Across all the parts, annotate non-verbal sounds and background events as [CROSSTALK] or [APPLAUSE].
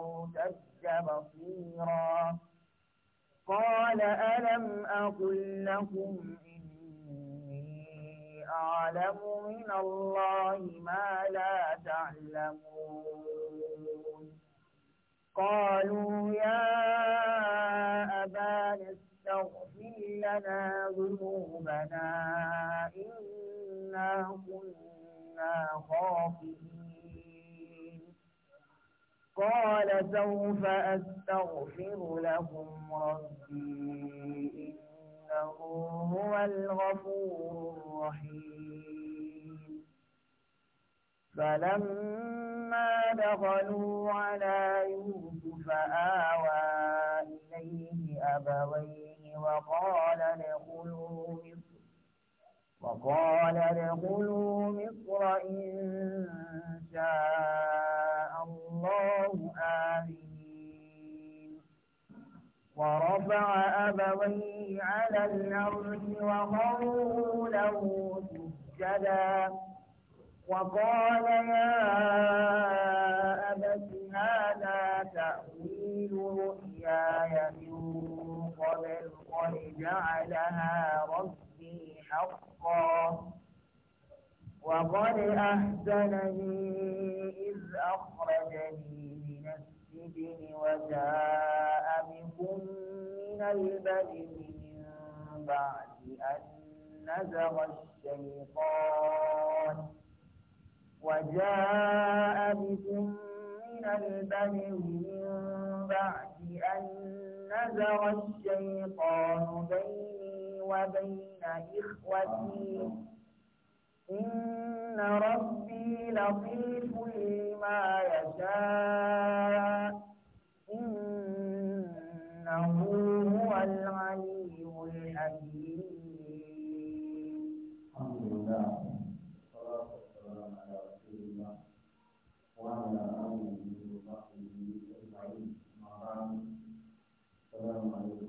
أرتدت بصيرا قال ألم أقل لكم إني أعلم من الله ما لا تعلمون قالوا يا أبانا استغفر لنا ذنوبنا إنا كنا خاطئين قال سوف أستغفر لهم ربي إنه هو الغفور الرحيم فلما دخلوا على يوسف آوى إليه أبويه وقال ادخلوا مصر وقال ادخلوا مصر إن شاء الله آمنين ورفع أبويه على الأرض وقروا له سجدا وقال يا أبت هذا تأويل رؤياي من قبل قد جعلها ربي حقا حقا وقد لي إذ أخرجني من السجن وجاء بكم من البدن من بعد أن نزغ الشيطان وجاء بكم من البدن من بعد أن نزغ الشيطان بيني وبين إخوتي إن ربي لطيف لما يشاء إنه هو العلي الحكيم الحمد لله والصلاة والسلام على رسول الله وعلى وصحبه السلام عليكم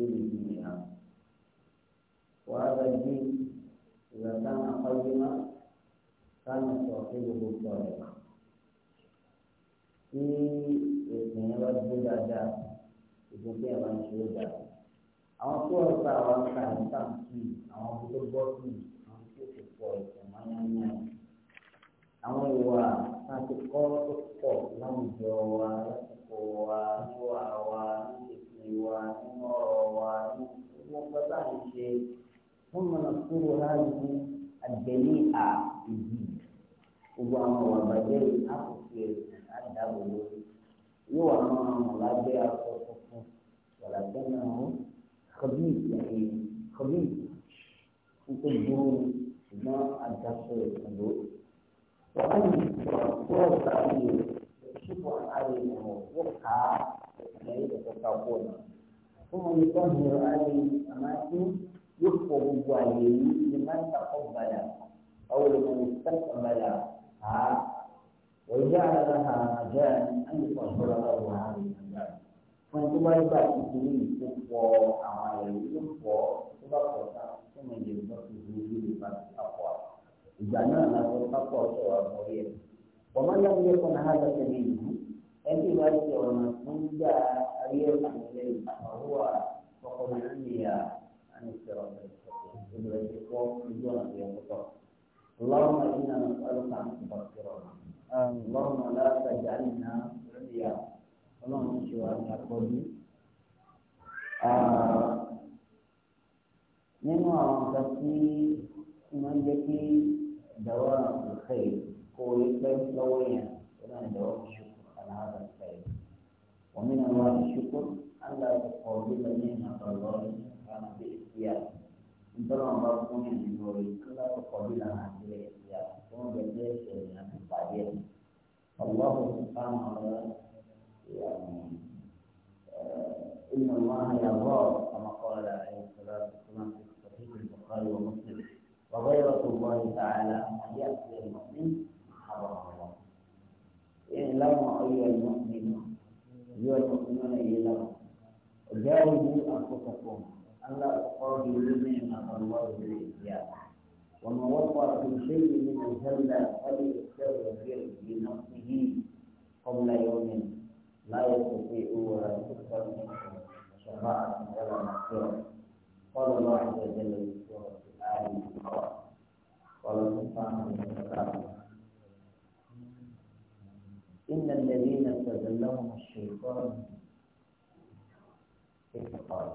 تطوير دينها وهذا الدين إذا كان قيما كان صاحبه صادقا في اثنين والبدع داء ìgbésẹ̀ wa ń ṣe é dà àwọn tó ń ta àwọn ta ìta sí àwọn tó gbọ́ sí àwọn tó ti pọ̀ ìtàn mayanya àwọn ìwà láti kọ́ tó pọ̀ láwùjọ wa lásìkò wa níwà wa níwà ìwà nínú ọ̀rọ̀ wa nínú ọgbà tá à ń ṣe wọ́n mọ̀ náà kúrò láàyè àgbẹ̀lé à ìdí gbogbo àwọn ọ̀wà bàjẹ́ àkókò ẹ̀sìn àdàbò lórí yóò wà máa mọ̀ lábẹ́ aṣọ tuntun wàlá tẹ́lẹ̀ ọ̀hún kọ́bí ìyàwó kọ́bí nítorí burú ṣùgbọ́n ẹ̀sìn ló. wàá yìí wọ́n sáré ṣùgbọ́n àyè wọn yóò ká ìtẹ̀yìntẹ̀kọ̀kọ̀kọ̀ọ̀nà fún mi kọ́ mi ò ráyè àmọ́ tí yóò fọ gbogbo àyè yìí ni máa ń takọ̀ gbàdà àwọn olùkọ́ni sẹ́kọ̀ gbàdà á ọ̀yá ara ha àjẹ́ àyùkọ̀ ìṣòro ọ̀rọ̀ àrùn ìgbà fún tó bá gbà tuntun yìí tó fọ àwọn àyè yìí tó fọ tó bá fọ ká tó mi lè gbọ́ tuntun أي ما تقول مسجد أريد أن إليه فهو فقد عني عن الصراط المستقيم اللهم إنا نسألك أن تبصرنا اللهم لا تجعلنا عليا اللهم شوالنا قولي nínú àwọn nǹkan tí máa ń jẹ́ kí ìdáwọ́ àkùnfẹ́ kó o هذا الخير ومن انواع الشكر الا تقول نعمة الله كان باختيار ان ترى الله كون يقول الا تقول عن باختيار كون بديش يعني بعدين الله سبحانه وتعالى يعني آه، ان الله يرضى كما قال عليه الصلاه والسلام في صحيح البخاري ومسلم وغيرة الله تعالى ان ياتي المؤمن حرمه اعلموا أيها المؤمنون أيها المؤمنون اعلموا جاهدوا أنفسكم ألا تقابلوا نعمة الله بالإسلام وما وفر في شيء من الجنة فليستغفر لنفسه قبل يوم لا يستطيع ولا تكثر منه شفاعة ولا مغفرة قال الله عز وجل في سورة آل عمران قال سبحانه وتعالى إن الذين تزلهم الشيطان بالشيطان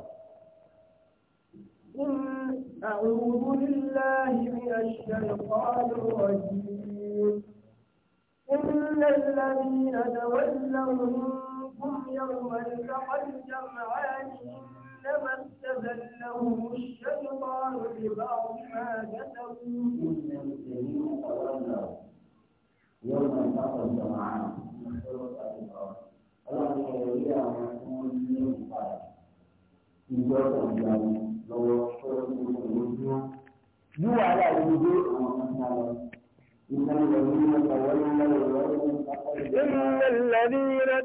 قل أعوذ بالله من الشيطان الرجيم إن الذين تولوا منكم يوم التقى الجمعان إنما استزلهم الشيطان ببعض ما كسبوا إن الذين تولوا يوم التقى الجمعان ọlọ́run ẹ̀rọ ilé àwọn tí wọ́n ní ní ìpadà ìjọba ìyàwó lọ́wọ́ fọ́ọ̀rọ̀ ní ìlú bí wàhálà yìí dé àwọn ọmọ náà lọ. إن الذين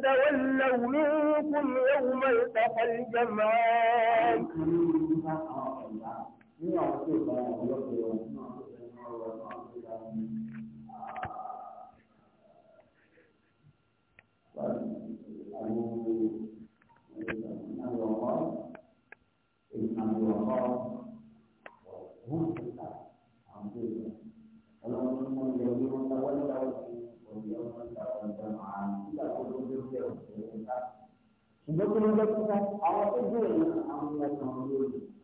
تولوا منكم يوم التقى الجمعان لكن على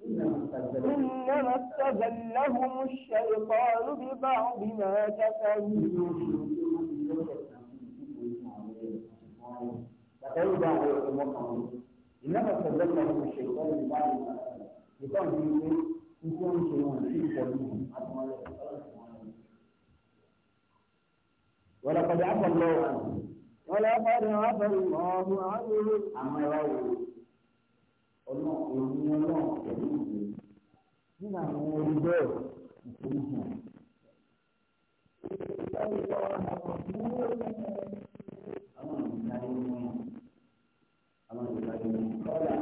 إنما استزلهم الشيطان ببعض ما كسبوا إنما استزلهم الشيطان ببعض ما كسبوا يكون شيء ولقد عفى الله عنهم ولقد عفى الله عنه àmọ́ ẹ wá wò ó ọ̀nà èmi ọlọ́run pẹ̀lú ìwé nínú àwọn orí bẹ́ẹ̀ ìpín hàn. Àwọn ìdájọ́ ní àwọn ìdájọ́ ní kọ́lá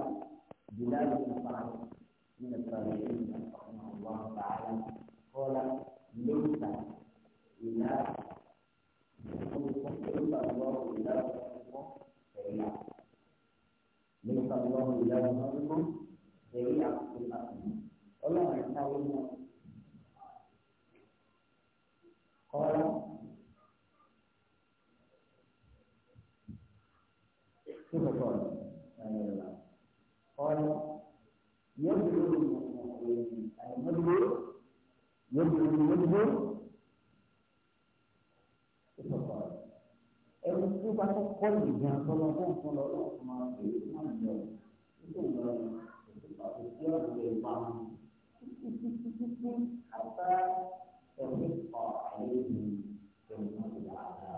bìláàlì nípa nínú ìpàdé ìgbà ọ̀nà ọ̀gbọ́n bàálà kọ́lá lóòótá ìlà ìfowópamọ́ ìgbà ọ̀gbọ́n. ليس الله إله غيركم جميع في الأرض الله يحاول قال كيف قال قال يبلغ المؤمنين المدبر يبلغ المدبر bá tó kọ́ ní ìgbà tọ́lọ́ tó ń fọlọ́ lọ́wọ́ máa ń bèrè fún àjọ nítorí ìgbà ìpàdé tí ó lè pa títí títí tí àbá ẹ̀mí ọ̀ àyè mi ẹ̀mí ìyá àdá.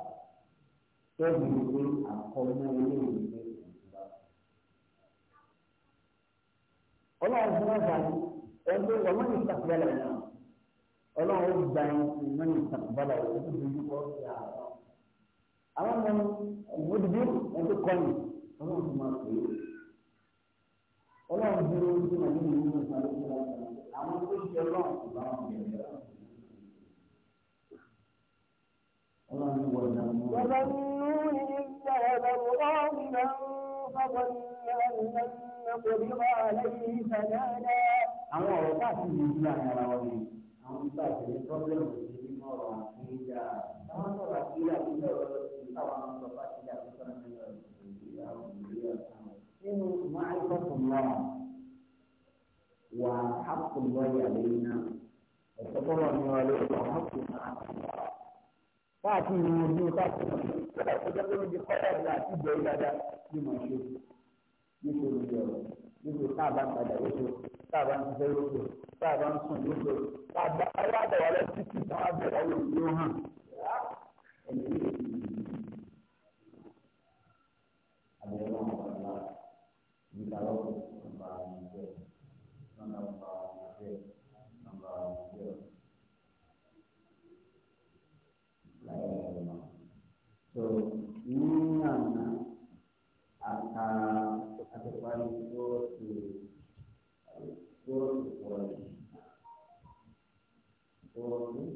Tẹ́lẹ̀ ní pé àkọ́mọ́ ilé ìwé ní ìjọba. Ọlọ́run fún ọ̀gá ẹgbẹ́ ọmọ ìtàkùbọ̀lá náà. Ọlọ́run gba ẹ̀mí ìtàkùbọ̀lá òkú dojúkọ sí àwọn àwọn ọmọ òdìbò ẹ̀tọ́ kọ́ni ọlọ́run tó máa pè é ọlọ́run dúró sí màdí ìlú ní ìsàlẹ̀ ìsàlẹ̀ ìsàlẹ̀ àwọn tó ṣe ọlọ́run kò bá wọn bẹ̀rẹ̀ ọlọ́run wọ̀ ọ̀dà mọ́. bàbá nínú ìgbà ẹ̀rọ ọlọ́run náà fọwọ́n ní ẹ̀rọ ìlànà kò àwọn ọ̀rọ̀ bá ti yìí sí àyàrá wọn ni àwọn ìgbà ìṣẹ̀lẹ̀ pọ́blẹ́mù ti ní mọ́rọ̀ àti ìjà àwọn sọ̀rọ̀ àti ìyá ìjọba táwọn ọmọ bàbá ti dà bí sọ́nà ní nínú ma'rifatullah wà haqqullahi alayna ẹ̀sọ́ bọ́lá ní wà lórí wà hapù náà. Fáàtì ni mo ní fáàtì náà kọ́lá tó ń di ìlà àti ìjọ yìí dáadáa ní màá ṣe nítorí ọ̀rọ̀ nítorí tá padà lóṣù tá ń ṣiṣẹ́ lóṣù tá a ń sùn lóṣù tá a bá wà títí táwọn abẹ́rẹ́ wò hàn. Ẹni yìí adalah Allah jika aku kembali ke kembali ke kembali so ini akan akan kembali ke ke ke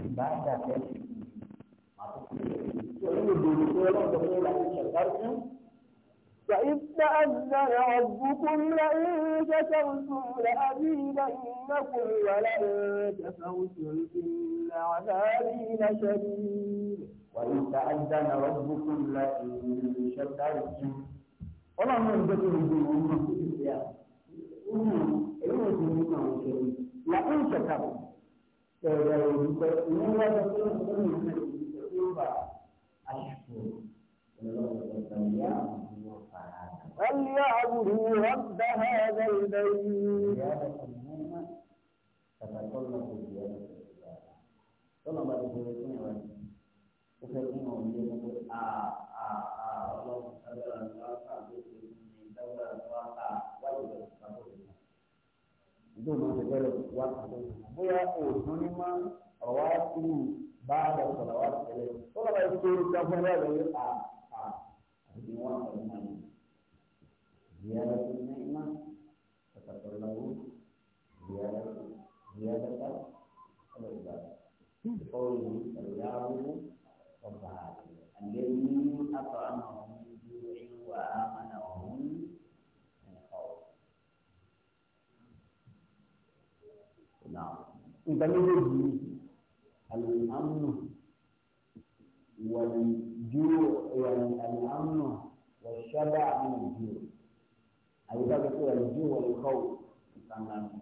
ibadah dan وإذ تأذن ربكم لئن شكرتم لأزيدنكم ولئن كفرتم إن عذابي لشديد وإذ تأذن ربكم لئن شكرتم ولئن كفرتم إن عذابي لشديد فليعبدوا رب هذا البيت تتطلب زيادة العبادة طلب الزيادة وفي الأمة آه آه آه الله ìjọ ìmọ̀ ṣe fẹ́rẹ̀ wá àlẹ́ bóyá òòtún ní máa ọ̀wá sí i bá a bọ̀ sọ̀rọ̀ wá tẹ̀lé tó lọ́ba yìí tó ká fún ẹ̀rọ yìí à à àti wọn àwọn ọmọ yìí ziyara tó ní iná pàtàkì lọ́wọ́ ziyara ziyara tó ọ̀rọ̀ ìgbà ọ̀rọ̀ yìí ọ̀rọ̀ yà wọ́n ọ̀bà àlẹ́ ní àtọ̀ àmọ̀ ọ̀hún nǹkan méjèèjì ni àlùmánù wàlùjúwò àlùmánù wàṣábà àlùjúwò àyíká pípé wàlùjúwò wàlùkọ́wò ìkànnì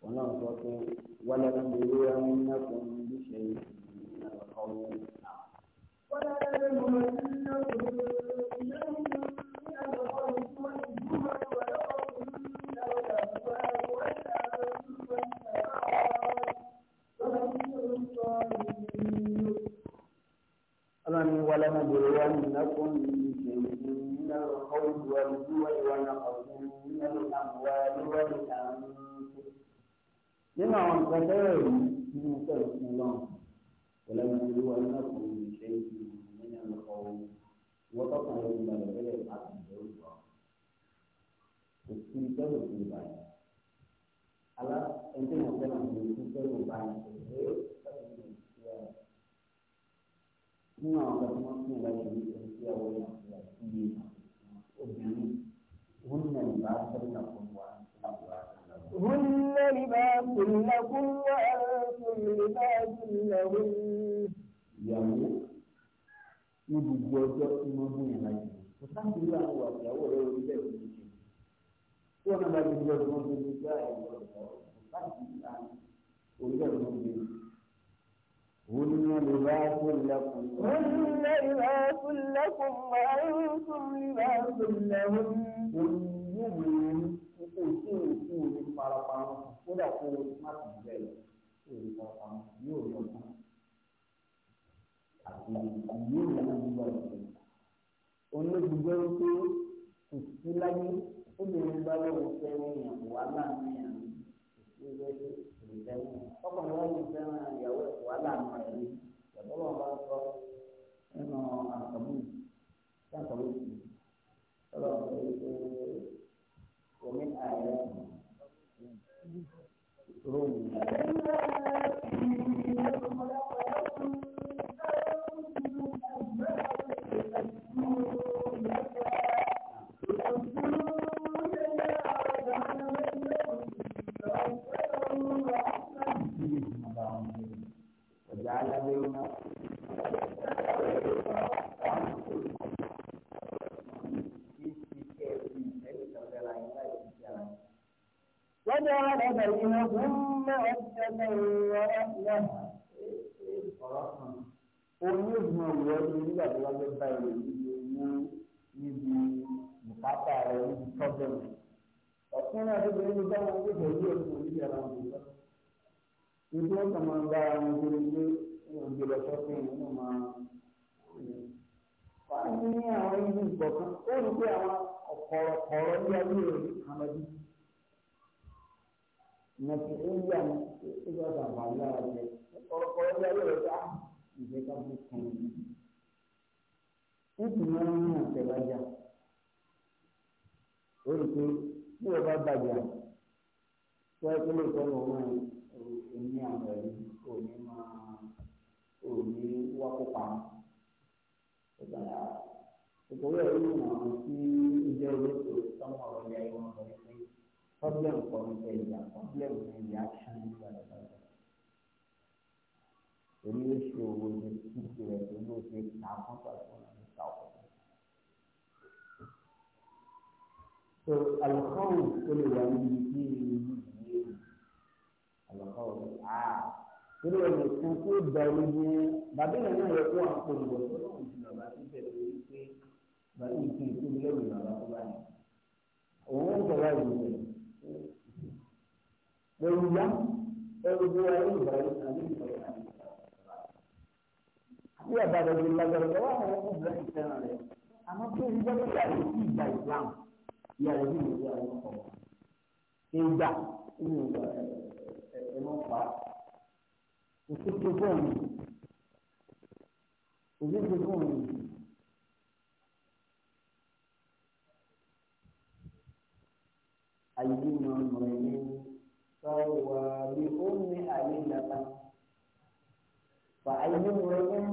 wọn náà sọ pé wàlẹ́ ní ìlú ẹni náà kò ní bí ṣe ìlú náà kọ́wọ́ náà. wọ́n dára lẹ́nu ọ̀rọ̀ ìlú náà kò ní bí ṣe ìlú náà. علما ولنبلونكم بشيء من الخوف والجوع ونقص من الاموال والانفس nínú àwọn nǹkan tẹ́lẹ̀ yìí nínú tẹ́lẹ̀ orí ẹ̀rọ ló ń gbé gbá ẹ̀rọ láti ìlà orí ẹ̀rọ ló ń gbé. Wọ́n ní ìlà fúnlẹ̀kùn. Wọ́n ní ìlà fúnlẹ̀kùn máa ń tún ìlà fúnlẹ̀kùn. Wọ́n ní ìwé ipò tí òkú òní parapamọ́ kódà kó o má ti bẹ̀ lọ sí òní parapamọ́ yóò lọ sí. Àti ìlú ìlànà ìgbà ìgbà. Onígbùgbẹ́ wípé kò sí láyé obìnrin bá lóun fẹ́ràn èèyàn wàhálà mìíràn ìrẹsì ìfẹ́ràn ọkùnrin wọn ló fẹ́ràn ìyàwó wàhálà mìíràn ní ìyàwó wọn bá sọ nínú àkàmú àkàmú sí ọlọ́ omi ààrẹ ìṣòro ìgbà. العالمين وجعل بينهم مودة ورحمة onígun ọ̀rọ̀ ẹni tó wá fẹ́ bá ẹni níbi ibi wọn kàn máa bá ara wọn kiri pé wọn gbé lọ sọ́kùn yìí wọn máa wá ní àwọn ibi ìgbọ̀kan ó rí pé àwọn ọ̀kọ̀ọ̀kọ̀ọ̀rọ̀ ní ayé rẹ̀ kàmẹ́bí mọ̀tì ẹ̀yà ni ó bá bá wà rẹ̀ ọ̀kọ̀ọ̀kọ̀ọ̀rọ̀ ní ayé rẹ̀ bá ìfẹ́ ká bó kàn yìí. Ibi máa ń ní àtẹ̀lájà. Ó rí pé bí wọ́n bá wọ́n á kúlè sọ́nà ọmọ yẹn ní àwọn ẹ̀rí kò ní máa kò ní wá kópa nítorí ẹ̀rí ìmọ̀ràn tí ìjẹ́ olóṣù sọ́mọ ọ̀rọ̀ ilẹ̀ ìwọ̀n sọ pé problem kan ń bẹ ìjà problem ní reaction ìgbàlódé èmi ló ṣe owó ní títí rẹ̀ tó ló ṣe ta fún pàṣẹ ní south so alukọ́wù ó lè wà níbi tí ìlú yìí àtìlọ́kọ́ òní à nínú ẹ̀mí kan tó bẹ̀rù ní bàbá ìlànà rẹ̀ kó àwọn olùdó tó lóun ti lọ́ba tó bẹ̀rù ní pé bàbá ìtì ìtòbi lẹ́rù ìlànà tó bá yẹn òun ń tọ́lá ìlú rẹ̀ lẹ́yìn ìyá ẹ̀rù bí wọ́n ẹ̀rù ìbàrẹ̀ àbí ìbàrẹ̀ àbí àbí àbàdàn ìlú lágbàdo wà wọ́n ń bẹ̀rẹ̀ ìfẹ́ràn rẹ̀ àmọ́ tó ń gbọ́dọ̀ gbà yìí sí ìgbà ìsìlámù ìyàwó ìlú ìyàwó ọ̀pọ̀ ìgbà ìlú ìgbà ìlú ẹ̀fẹ́ ló pa òṣèlú bọ́ọ̀lù òṣèlú bọ́ọ̀lù. أيما امرئ سوى بأم أليلة فأيما امرئ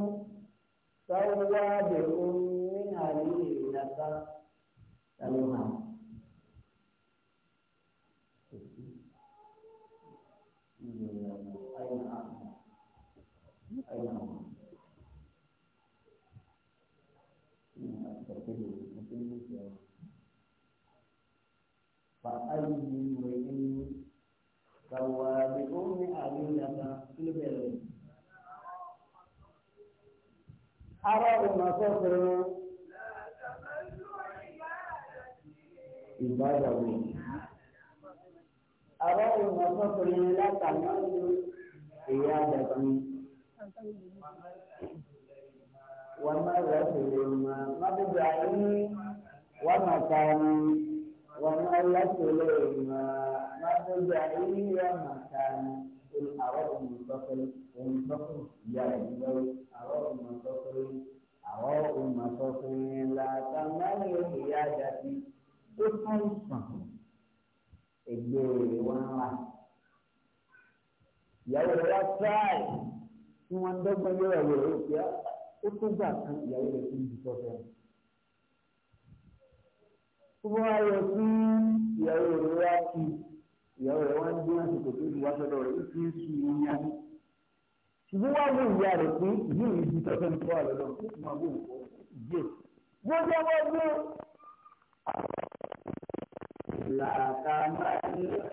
سوى بأم أليلة سلمها فأي امرئ سوى بأم عميلة في بلد أرى ما تصر عبادة أرى ما تصر لا تعمل عيادتي وما يسلم مضجعي ومكاني وما يسلم مضجعي ومكاني قل أراد منتصر منتصر يا رجل أراد منتصر أراد منتصر لا تمل قيادتي قل ẹgbẹ́ rẹ̀ wá ń wá. ìyàwó rẹ̀ wá tíráì tí wọ́n ń dọ́gbọ́n yọ̀rọ̀ yọ̀rọ̀ pé ó tó gbà kan ìyàwó rẹ̀ tó ń di sọ́fẹ́. tó bá wá yọ sí ìyàwó rẹ̀ wá kí ìyàwó rẹ̀ wá ń dín àsìkò tó ti wá sọ́dọ̀ rẹ̀ ó ti ń su ìyá ní. ṣùgbọ́n wá wọ ìyá rẹ̀ pé ìyá rẹ̀ di sọ́fẹ́ ní fọ́ọ̀rọ̀ lọ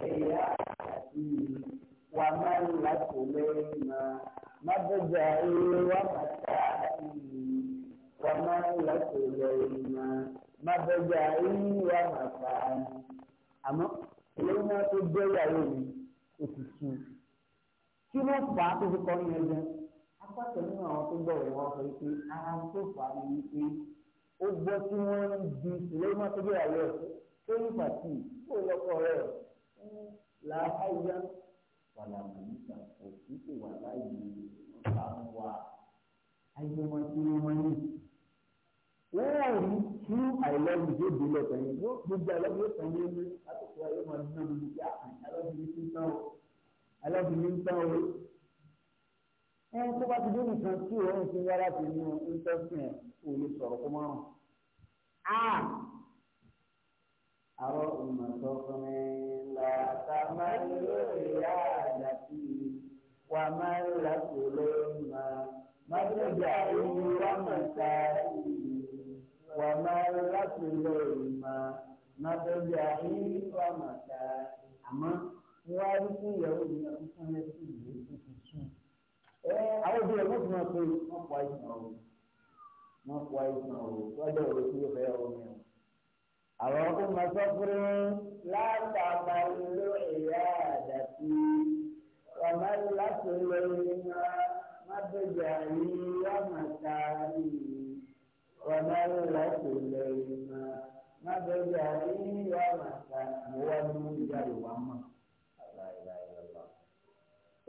ẹ̀yà àti wàmánú láti lẹ́yìn náà. Mata مضجعي ومتاعي وما لك إلينا مضجعي ومتاعي àmọ́ eléyìí náà tó jẹ́ ìyàwó mi òtútù kí ló fà á tó fi kọ́ yẹn gan apáta nínú àwọn tó gbọ́ ìwọ sọ pé ara tó fà á ni pé ó gbọ́ tí wọ́n ń di eléyìí náà tó jẹ́ ìyàwó ẹ̀ tó ní pàtì ó lọ́kọ̀ rẹ̀ làákàyà wàlàmù nípa òtútù wà láàyè bahwa ayo mati mani Wọ́n tú àìlọ́dún tó dé lọ́tọ̀ yẹn yóò gbogbo àlọ́dún yóò tàn yé ní àtọ̀tọ̀ ayé máa ń ná lórí ìyá àlọ́dún yìí ń tán o àlọ́dún yìí ń tán o. Ẹ tó bá ti dé nìkan tí òun ti yára ti ní ń tán sí ẹ̀ kó lè sọ̀rọ̀ kó márùn. A àrọ̀ ìmọ̀tọ́ fún mi làtàmá lórí àdàtì yìí. ومن لكلما مرجعه ومسائي ومن لكلما مرجعه ومسائي àmọ́ wọ́n á rí sí ìyàwó mi àwọn fún ẹ sí ìlú tuntun sùn. àwọn òbí rẹ̀ wọ́n ti máa òwe tí yóò fẹ́ ọ mi o. àwọn ọkùnrin máa sọ fún un ìyá àdàtì. ومن لكم إليها متجعي ومكاني ومن لكم إليها متجعي ومكاني ومجعي ومكاني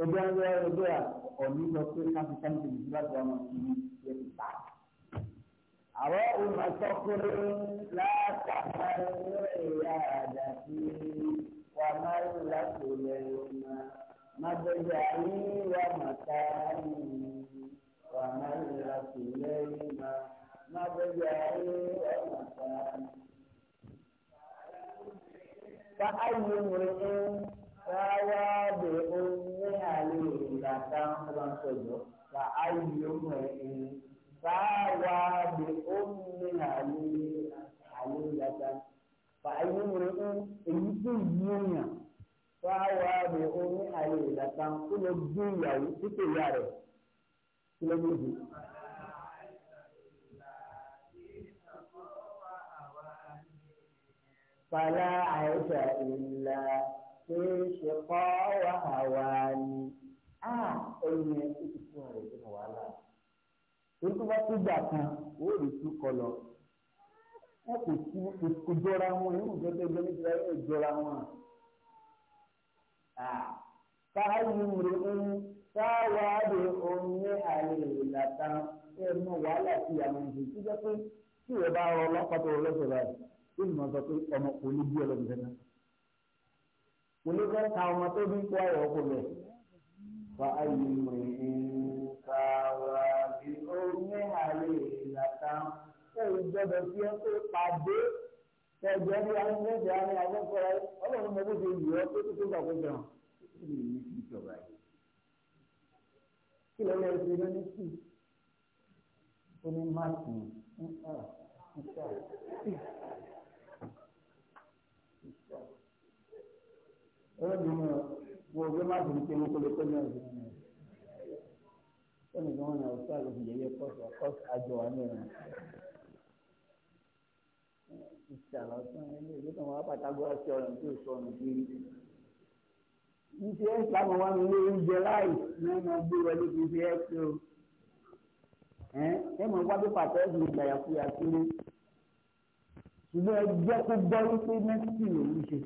ojú ẹgbẹ́ ẹgbẹ́ à ọ̀nì lọ pé káfí sáńtì ní ìgbàgbọ́ ọmọ ìlú yẹn ti ta. àwọn olùmọ̀sọ́kùnrin látàkà ẹ̀yà àdàtì wà máa ń látò lẹ́yìn مضجعي ومكاني وملك إلينا مضجعي ومكاني فأي امرئ فاوى بأمها ليلة تنصب فأي امرئ فاوى بأمها ليلة فأي امرئ èyí tó yí èèyàn wá wá ní oní àyè ìdàkan kí ló bí ìyàwó títí ìyá rẹ̀ kí ló bí. Fàlà àìsà ìlà ṣe é ṣe kọ́ wá àwa ni. Á ẹ̀yìn ẹ̀ ti fún ọ̀rẹ́ sínú wàhálà. Torí bá tó gbà kan, ó lè tún kọ lọ. Wọ́n kò sí ìjọra wọn, ìrùjọ́ tó gbé nítorí ìjọra wọn káyọ̀ rẹ̀ ń sáwáàdì omi àlè ìlàta ẹ̀ mọ wàhálà tí àwọn ìṣe tí jẹ́ pé tí ìwé bá rọ ọlọ́pàá tó lọ́sọ̀ báyìí tí mo sọ pé ọmọ kò ní bí ọlọ́dún sẹ́nà kò ní fẹ́ ka ọmọ tó bí kó ayọ̀ ọkọ bẹ̀. káyọ̀ rẹ̀ omi àlè ìlàta ẹ̀ fi ẹ́ pé pàdé ẹgbẹ́ bí wọn ní ẹgbẹ́ àwọn agbẹkọrọ Ọlọ́run mọ bó ṣe yìí ọ tó tó tó gbà kó jẹun kí ni ìlú ti jọba yìí kí lọ́lọ́ ẹ ṣe lọ́ní sí ó ní máàkì ní ọ̀ níta ọlọ́run mọ wọ ọgbẹ́ máàkì ní pé mo kọ́ lè kọ́ ní ọ̀gbìn náà ó ní kí wọ́n náà ọ̀ṣọ́ àlọ́ ìjẹ́yẹ kọ́ọ̀sì àjọ wa náà ìṣàlọ́ fún ẹni ìlú kan wá pàtàkùrọ̀ sí ọ̀rọ̀ tí ò sọnù kiri. ní ti ẹ́ sábà wá mi lé oúnjẹ láì náà máa gbé wọlé kí n fi ẹ́ pé o. ẹ mọ̀ wá bí pàtẹ́ẹ̀sì ìgbàyàkuyà kiri. ṣùgbọ́n ẹ jẹ́ kó gbọ́ wípé mẹ́sìkì lòún ṣe.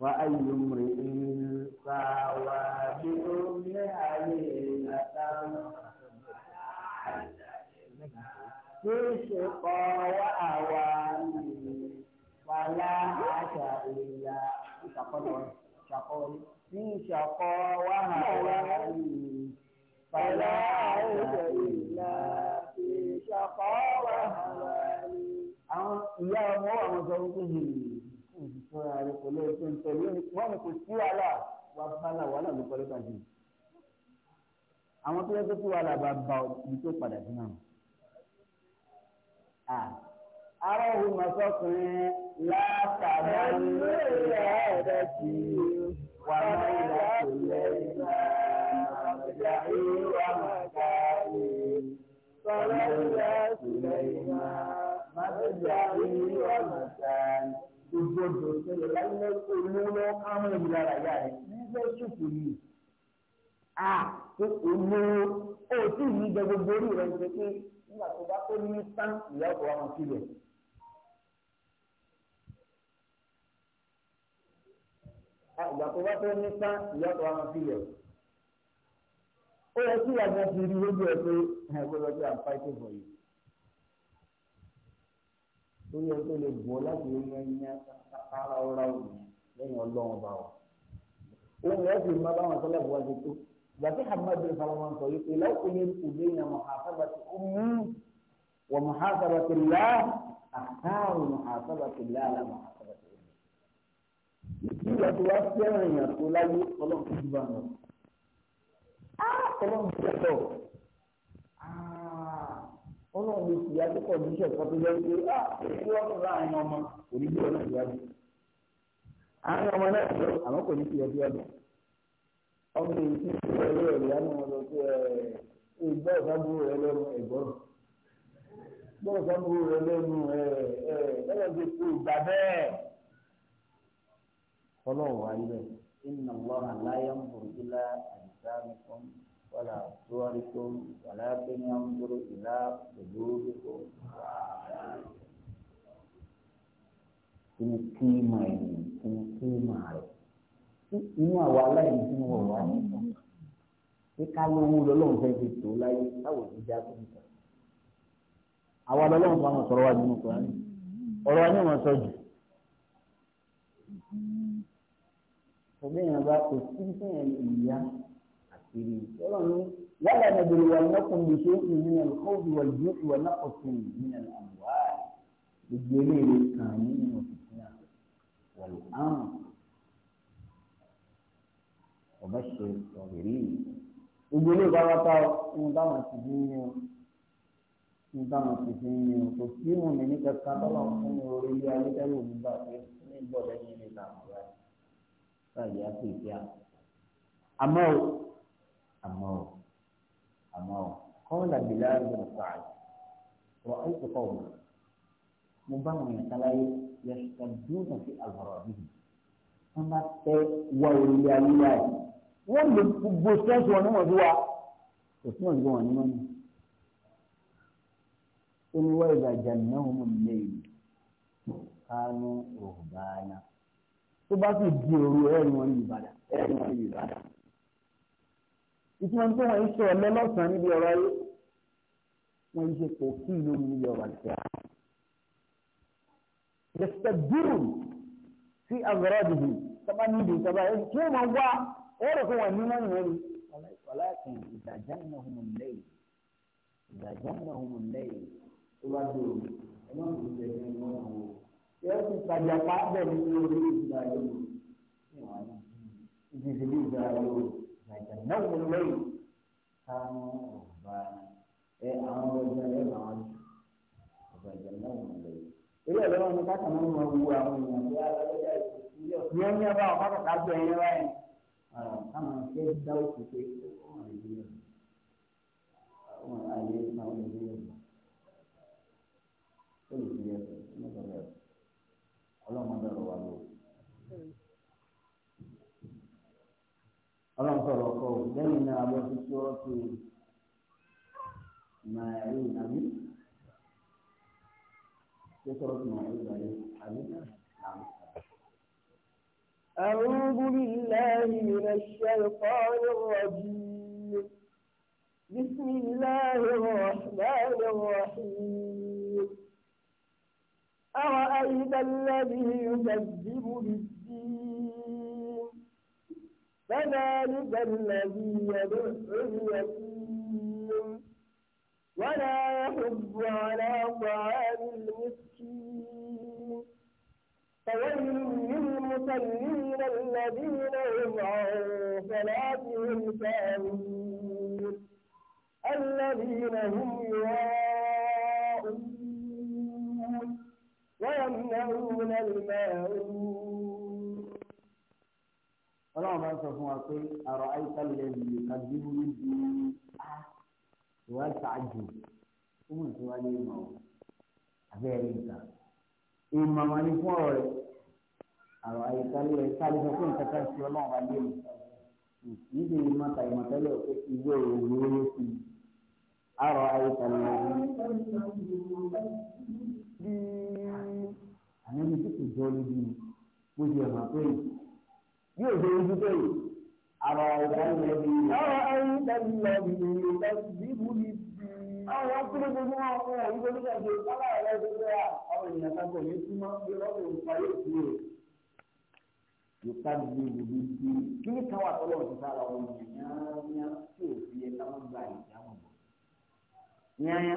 wà á yọ mọ̀ ẹ́ bí ó ní àlè àtàwọn ṣíṣe kọ wá àwa wàlá àṣà ìlà ìṣàkọlọ ìṣàkọlọ ní ìṣàkọ wá àwa wàlá àṣà ìlà ìṣàkọ wá àwa. àwọn ìyá ọmọ àwọn sọ wípé ìfúnra rẹ kò lóye tó ń tẹ̀lé wọn ni kò sí wàhálà wàhálà wàhálà ló kọ́ ló kàn àwọn tó yẹ kó sí wàhálà bá ba ibi tó padà sí náà ara ah, ohun ọ̀sọ́kùnrin látàrí ilé ẹ̀rẹ́ tí wà láyé láti lẹ́yìn ìgbà ìwà màkà sọ̀rọ̀ ìlẹ̀ sílẹ̀ ìmọ̀ màdìjà ìwà màkà gbogbo ìdòtí láyé olówó káwọn ìlara ìyá rẹ̀ nígbà ìṣùkù yìí a olówó òtún yìí gbẹ gbogbo orí rẹ̀ ń pè é nígbà tó bá tó ní tán ìyá ọ̀tọ̀ wa máa kílẹ̀. ìgbà tó bá tó ní tán ìyá ọ̀tọ̀ wa máa kílẹ̀. ó yẹ kí ìyàgbọ́n ti rí lójú ẹ pé ẹ gbọ́dọ̀ tí a ń fa ètò bọ̀ yìí. lórí ẹ tó lè bọ̀ láti ẹyẹ ẹyẹ kára ọ̀rá lẹ́yìn ọlọ́run bá wà. ohun ẹ̀ sì máa bá wọn sọ́lá ìwádìí tó gbàtí hamad bin salman sọ yìí pé lọ́kùnrin ìdè na mọ̀hásábà ti ọmú wọ mọ̀hásábà ti lá àtàrùn mọ̀hásábà ti lá àlà mọ̀hásábà ti ọmú. ìdílé tó wá fẹ́ràn èèyàn tó láyé ọlọ́run tó dúbà náà. á ọlọ́run ti sẹ́tọ̀ ọlọ́run lè fi akẹ́kọ̀ọ́ ní iṣẹ́ ìkọ́ tó jẹ́ pé á kí wọ́n tún láàrin ọmọ èyí tí ìrẹ̀lẹ̀ rẹ̀ yá ni wọ́n lọ sí ìgbọ́ ìfábúrò rẹ̀ lẹ́nu ẹ̀gbọ́n gbọ́ ìfábúrò rẹ̀ lẹ́nu ẹ̀ ẹ̀ ẹ̀rọ ti kú ìgbà bẹ́ẹ̀ ọlọ́run wá rí bẹ́ẹ̀ inna Allaha la yanzuru ila ajsamikum wala suwarikum walakin yanzuru ila qulubikum kí ni kí máa ẹ̀yìn kí ni kí máa rẹ̀ inú àwa aláìní sínú ọ̀rọ̀ wa nìkan pé ká lówó lọ́lọ́run fẹ́ fi tó láyé táwọn òbí já sí nìkan àwa lọ́lọ́run fún àwọn sọ̀rọ̀ wa nínú kan ní ọ̀rọ̀ wa ní wọn sọ jù ọgbẹ́ yẹn bá kò sí sẹ́yìn ìyá àkiri ọ̀rọ̀ ni yálà nàbẹ̀rẹ̀ wà lọ́kùn lè ṣe ìrìn àlù kọ́ọ̀dù wà lè wà lọ́kùn ìrìn àlù àwọ̀ gbogbo eléyìí kan nínú òfìsí náà wà ọ̀bẹ ṣe ọ̀rẹ́rì gbogbo ilé ìbára ta ń dáhùn sí ní ní o ń dáhùn sí ní ní o kò sí ìwọ̀n mi ní kankan tọ́lọ̀ fún mi orí ilé ayé tẹ́lẹ̀ òun gbà pé ní ìgbọ̀dọ̀ yìí lè ta àwọn ọ̀rẹ́ báyìí á sì kí a. àmọ́ o àmọ́ o àmọ́ o kọ́ńdà bìlá ìgbọ̀n sáà wà á yẹ kọ́ ọ̀gbọ̀n mo bá wọn yàn sáláyé yẹ ṣùgbọ́n dúró náà sí àgbọ̀rọ̀ yìí wọ́n bá tẹ́ wá orí ayé báyìí wọ́n lè gbogbo sẹ́ńsì wọn níwọ̀n sí wa kò sí wọn sí wọn nínú ni. ó ní wọ́n ìgbà jàǹdà wọn mú mi lẹ́yìn kánú òbáná tó bá sì di òru ẹ̀rù wọn yìí padà ẹ̀rù wọn yìí padà. ìtumọ̀ nípa wọn iṣẹ́ ọ̀lẹ́ lọ́sàn-án níbi ọ̀rọ̀ ayé wọn iṣẹ́ kò kí ìlú mi níbi ọ̀rọ̀ àti àná. yẹ̀sẹ̀ dúró sí àgọ́rọ̀ ó rò pé wọn ní mọ́ nìyẹn rí ọláìkọláàkì ìdájá iná ọmọ lẹ́yìn ìdájá iná ọmọ lẹ́yìn tó bá dé o ẹ má fi bẹ̀rẹ̀ ní wọn o yẹ kí ìtajà pa bẹ́ẹ̀ ní orí ìgbà yòó ìdíje ní ìgbà yòó ìdájá iná ọmọ lẹ́yìn káwọn ọba ẹ àwọn ọjà ẹ bá wọn ìdájá iná ọmọ lẹ́yìn. ilé ìlú wọn ni káàkiri máa ń wọ àwọn èèyàn bí wọn ní ẹ bá wọn kọ́kọ́ ká gbé ẹyẹ báyìí káwọn ṣe dá òkú pé wọn lè gbé yẹn wọn àyè máa lè gbé yẹn ó lè gbé yẹn ní sọ̀rọ̀ ọlọ́run bẹ̀rẹ̀ wà lóò. ọlọ́run sọ̀rọ̀ ọkọ̀ lẹ́yìn náà lọ sí sọ́ọ́ tó màá rí àbí ṣé sọ́ọ́ tó màá rí àbí àbí أعوذ بالله من الشيطان الرجيم بسم الله الرحمن الرحيم أرأيت الذي يكذب بالدين فذلك الذي يدع اليتيم ولا يحب على طعام المسكين فويل المصلين الذين هم عن صلاتهم ساهون الذين هم يراءون ويمنعون الماعون ọlọ́run bá sọ fún wa pé àrò àìsàn lẹ́yìn ìkàdúró níbi ìwà ìtàjù fún ìtúwálé ìmọ̀ abẹ́rẹ́ ìta ìmọ̀ wọn ni fún ọ̀rẹ́. àwọn àyíkálẹ̀ rẹ̀ káàlùkù fún nǹkan kan sí ọlọ́run wáyé mi níbi ìmọ̀ tàyìmọ̀ tẹ́lẹ̀ pé ìwé òwe ló fi àrò àyíkálẹ̀ rẹ̀ bí àmì tí kò jọ lójú mo jẹ ọ̀nà pé yóò jẹ ojú pé àrò àyíkálẹ̀ rẹ̀ bí àrò àyíkálẹ̀ rẹ̀ bí ìlú àwọn akúrẹ́ gbogbo wọn fún ẹ̀ ìgbẹ́ nígbà tó kọ́lá rẹ̀ gbogbo àwọn ènìyàn kan kò ní túmọ̀ bí wọ́n kò fà yóò fi rè yòókà gbé gbogbo gbé kíni kan wà tọ́lọ̀ ti sára wọn yányá tí ò fi ẹ̀ka wọn gba ìdáhùn bọ̀. yányá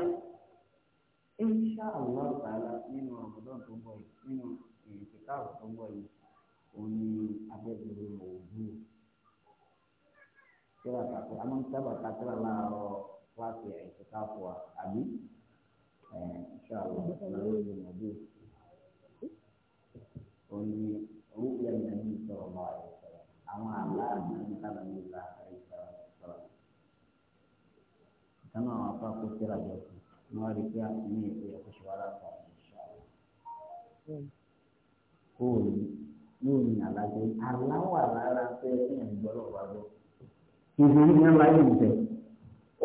insha Allah ta'ala nínú ọ̀gbọ́n tó ń bọ̀ yìí nínú ìrìnsìká ọ̀rọ̀ tó ń bọ̀ yìí òun ni abẹ́bẹ̀rẹ̀ òògùn kíra kàkó àmọ́ sábà kàkíra láàárọ̀ kíláàsì ìrìnsìká fún wa àbí insha Allah lórí òògùn òun ni. رؤيا النبي صلى الله عليه وسلم أو أعلام من قبل الله عليه الصلاة والسلام كما وفاق سيرة جوكي نورك يا أمي يخش ولا إن شاء الله قول يومي على جي الله ولا لا سيكون يقولوا وابو ìṣèlú ní ọlá yìí tẹ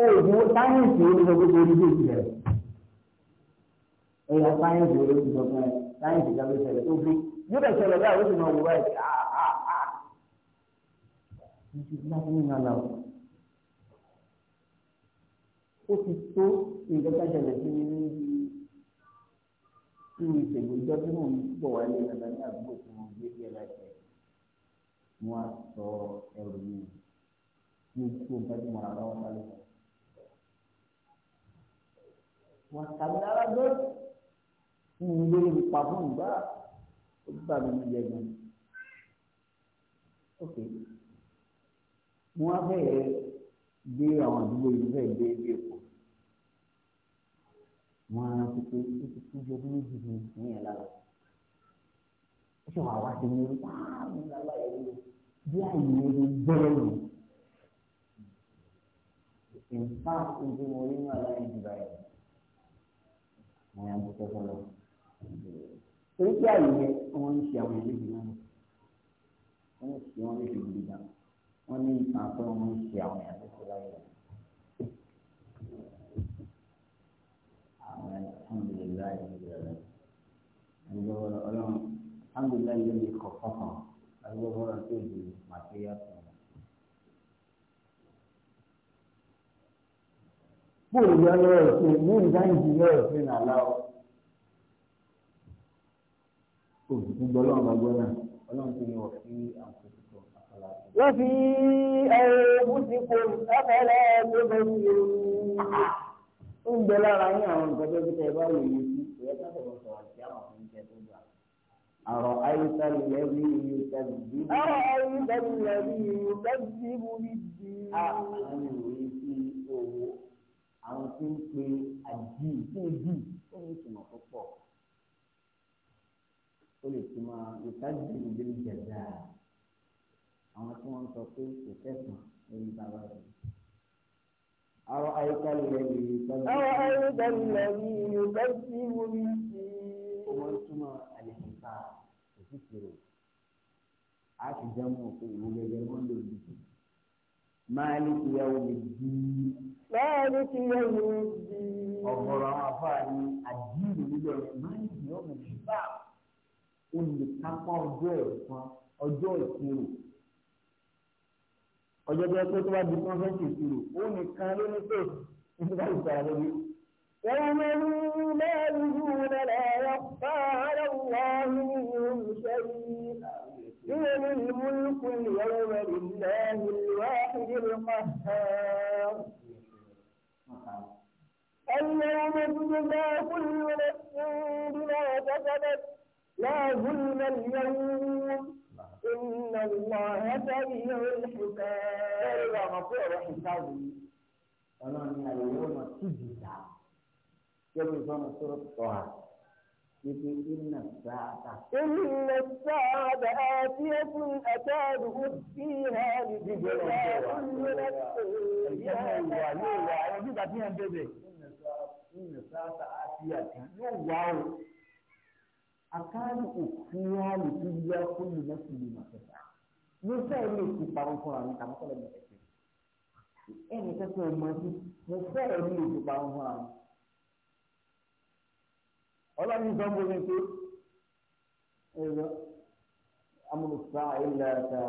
oògùn sáyẹnsì olùdókòwò olùdókòwò rẹ ẹyà sáyẹnsì olùdókòwò sáyẹnsì kábíyèsí rẹ tó fi yóò bẹ̀ sọ̀rọ̀ báyìí ó sì máa wò báyìí àhàhà ìṣe láti ní ìhàlà o ó ti tó nǹkan ká ṣẹlẹ̀ sí mi ní bí ní ìṣègùn ìjọ tí mò ń bọ̀ wá ní ìlànà ní àdúgbò tí mo gbé bí ẹlẹ́sẹ̀ mo á sọ ẹrù mi ní tó ń tẹ́tí mọ́ra lọ́wọ́ sálẹ̀ wọn tàbí rárá gbé ní ìlérí pa fún ìgbà ó gbà mí ní jẹ gan ok wọn á bẹ̀rẹ̀ gbé àwọn àdúgbò yìí bẹ́ẹ̀ gbé bí èkó wọn á rántí pé ó ti kú ju ọdún méjì ní ìyẹn lára ó sì wà wá sí ní pààrọ̀ lágbára ìlú bí àyè ìlú gbẹ́rẹ́ yìí ìfá ojú mo rí ní aláìjì báyìí wọn á dúpẹ́ fọlọ́ ìdílé torí pé àyè yẹn ń ṣe àwọn ìlú ìlú náà ń ṣe wọ́n ní ìlú ìlú náà ní ìtàn pé wọ́n ń ṣe àwọn ìlú ìlú láyé rẹ̀. àwọn alhamdulilayi rẹ̀ ẹgbẹ́ ọlọ́run alhamdulilayi ló lè kọ̀ fọ́fọ́n ẹgbẹ́ ọlọ́run tó di màtíríà tó ń bóòlù ọlọ́run ṣe ní ìdáǹjì yóò fi nà láwọ́ gbogbo ọlọ́run bá gbọ́ náà ọlọ́run ti yọ sí àkókò àkàlà. wọ́n fi ẹ̀rọ bùsìkò ẹ̀fẹ̀lẹ́ tó bẹ sí i ń bẹ lára yín àwọn nǹkan tó fi tẹ̀ bá wù yín sí ìyẹn tó sọ̀rọ̀ sọ̀rọ̀ sí àwọn fún iṣẹ́ tó gbà. àrò àyíká lè rí iye tẹ̀lé bí. àrò àyíká lè rí iye tẹ̀lé bí mo rí di. àwọn ìròyìn sí owó àwọn tó ń pe àjì sí ìdí ó ní ìtumọ̀ tó pọ̀ ó lè tún máa ìtajú ìdílé jẹ̀dá àwọn tí wọ́n ń sọ pé kò tẹ̀sán lórí bàbá rẹ̀. Àwọn àyíká ilẹ̀ yìí sọ́nà. Àwọn àyíká ilẹ̀ yìí yóò bẹ́ sí omi sí. Ó máa ń túmọ̀ àlèkùnká òṣìṣirò. A sì jẹ́ mọ̀ pé ìwọ gẹ́gẹ́ wọ́n lè lù. Máàlìkì ìyàwó mi dì í. Máàlìkì ìyàwó mi dì Ọ̀gọ̀rọ̀ àwọn afáàní àdìrì nílò rẹ̀ máàlìkì ìyàwó mi dì í olùkápá ọjọ́ ẹ̀san ọjọ́ ìṣirò ọjọ́ tó yẹ pé tó bá di kọ́ńfẹ́ǹsì ìṣirò ó nìkan ló ní pé nígbà ìṣàrà lórí. وهم لا يجون لا يخفى على الله منهم شيء إن الملك اليوم لله الواحد القهار اليوم تجزى كل نفس بما كسبت لا ظلم اليوم إن الله سريع الحساب ẹ̀rọ ọmọ pé ọ̀rọ̀ ìsáwò yìí ọlọ́run ní àyẹ̀wò ọmọ tìjì dá yẹ́bù ìfọ́nà tó tọ́ a ibi iná sáàtà. iná sáàtà àti ẹkùn àtàdù sí ìhà ìdìbò ìhà ìdìbò ìwà yóò wà ẹni nígbà tí yẹn bèbè. iná sáàtà àti ẹkùn yóò wà o akáàlù òfin àlù tó yá kó lù náà sì lè màkẹta ní fẹ́ẹ́ lè fi parun fúnra mi tàbí kọ́lẹ̀ mi ẹ̀sìn ẹnì kẹ́kẹ́ ọmọ ẹbí mo fẹ́ẹ́ lè fi parun fúnra mi. ọlọ́run sọ fún mi pé ẹ̀rọ amúnusá ilẹ̀ ẹ̀ka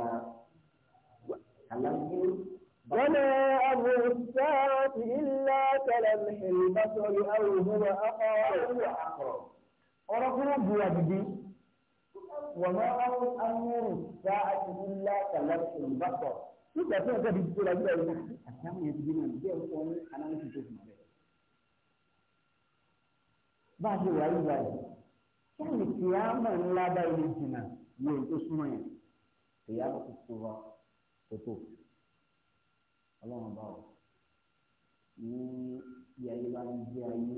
وما أمر الساعة إلا كلمح البصر أو هو أقرب ọ̀rọ̀ kúrò bu àdìdí wọ́n máa ń àwọn amúrù bá a ti ní ńlá kàlá olùbákọ̀ nígbà tí wọ́n kẹ́bi tó lajú ẹ̀rọ àtàwọn yẹn ti dín náà bẹ́ẹ̀ wọ́n ní anáwọ̀sì tó fún bẹ́ẹ̀. bá a ti wà yíwá yìí sáyẹn kìámà ńlá báyìí jìnnà yẹ ètò súnmọ́ yẹn kìámà tó tó wá tó tó ọlọ́run bá ní ìyá yìí bá ń jẹ́ ayé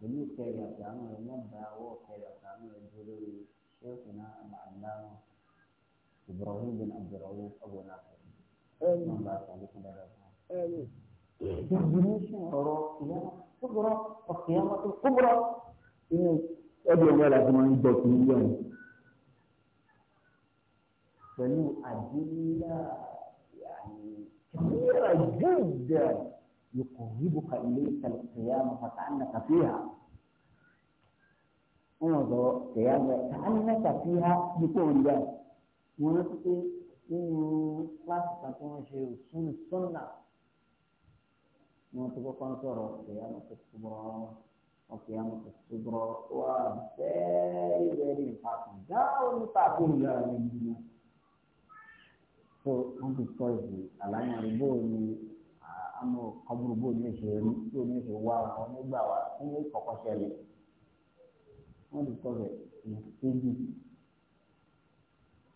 pẹ̀lú ìkẹrì àtàánú rẹ̀ mẹ́ta ọwọ́ kẹrì àtàánú rẹ̀ dúró lórí ṣẹ́ẹ̀kùnà àmàlàmù Ibrahim bin Abdulrahman ọgbọ̀nà nàmbà àtàlùkù dára fún un. Dìgbìmísìn ọ̀rọ̀ kúbọ̀rọ̀ ọ̀kìyàmọ́ tó kúbọ̀rọ̀ inú ẹgbẹ́ ọgbẹ́ láti máa ń jọ kí n yẹn. Pẹ̀lú àdínlá yàrá jùdà. يقربك إليك القيامة فكأنك فيها انظر قيامة كأنك فيها بكون ذلك ونفسي إنه خلاصة تكون شيء سنة سنة ونطبق قنصر قيامة الكبرى وقيامة الصبرى وسائر ذلك الحاكم جاءوا المتعقون لا من دونه So, I'm just sorry, I'm not going to àmọ́ kọbúrú bó ní ṣe rí bó ní ṣe wá wọn nígbà wá ní kọ́kọ́ ṣẹlẹ̀ wọn lè tọrọ èèyàn kéjì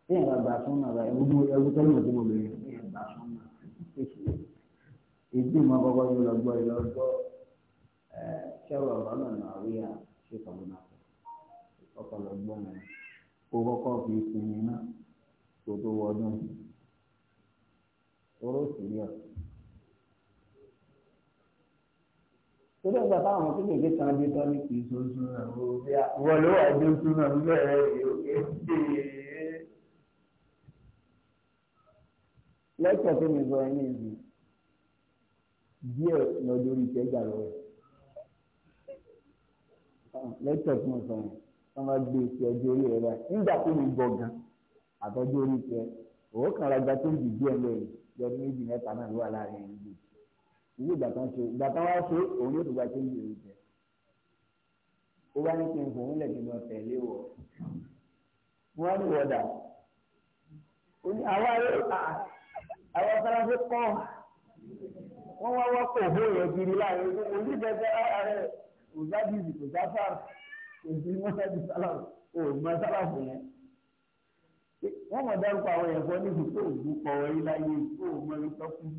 tí èèyàn bá sún náà rà ẹrú ẹrú tẹ́lẹ̀ tó wọlé èèyàn bá sún náà èdè mọ kọ́kọ́ yóò lọ gbọ́ ìlọ gbọ́ ẹ ṣẹlẹ̀ ọ̀rọ̀ náà nà àríyá ṣe kọbú náà kọ́kọ́ lọ gbọ́ náà kó kọ́kọ́ fi sinmi náà tó tó wọdún oró sì rí ọ̀sán. torí ẹgbẹ́ táwọn tó lè gbé kan dé tán ní kì í so súnà ó bí wọ́n ló wà dé súnà nílẹ̀ rẹ̀ lẹ́tọ̀ tó mi sọ ẹ ní ìlú díẹ̀ lọ lórí ìtẹ́jà lọ́wọ́ lẹ́tọ̀ tó mi sọ yẹn wọ́n máa gbé ìṣe ọjọ́ orí rẹ̀ báyìí nígbà tó mi gbọ̀ gan àtọ́jú orí ìṣe òwò kan ra gba tó ń dì díẹ̀ lẹ́yìn lọ́dún méjì mẹ́ta náà ló wà láàrin ìlú ìwé ìgbà kan ṣe ìgbà kan wá ṣe òun yóò tó gba kéwì rẹ jẹ ó bá ní kí n fòun lẹ̀ kí n lọ tẹ̀lé wọ mo wá ní wọ̀dà ó ní àwa àwa faransé kọ́ wọ́n wá wá kò hó yẹn kiri láàrin onídẹ̀ẹ́dẹ́ ààrẹ òjádìsì kò jáfà kò sí mọ́sáàdì sálàmù òògùn mọ́sáàlàmù yẹn wọ́n mọ̀ dárúkọ àwọn ẹ̀fọ́ níbi tó òògùn kọ̀wé láyé tó òògùn ẹ̀fọ́ fún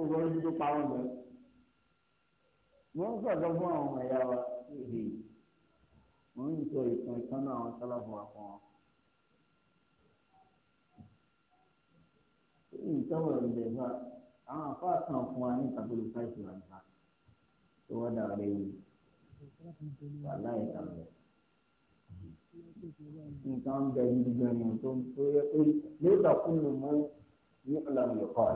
òwò ojú tó pa wọn lọ wọn gbọ́dọ̀ fún àwọn ọmọ ẹ̀yà wa èdè wọn ń sọ ìtàn ìtàn náà àwọn sálàfù wa fún wọn. ìtọ́wọ̀ ìbẹ̀ bá àwọn afá kan fún wa ní ìtàkùn ìfáìsì wa nípa tó wọ́n dà rẹ̀ yìí wà láì tàbí nǹkan bẹ níbi gan tó ń tó yẹ pé lóòótọ́ kún ní ọ̀làmù ìkọ́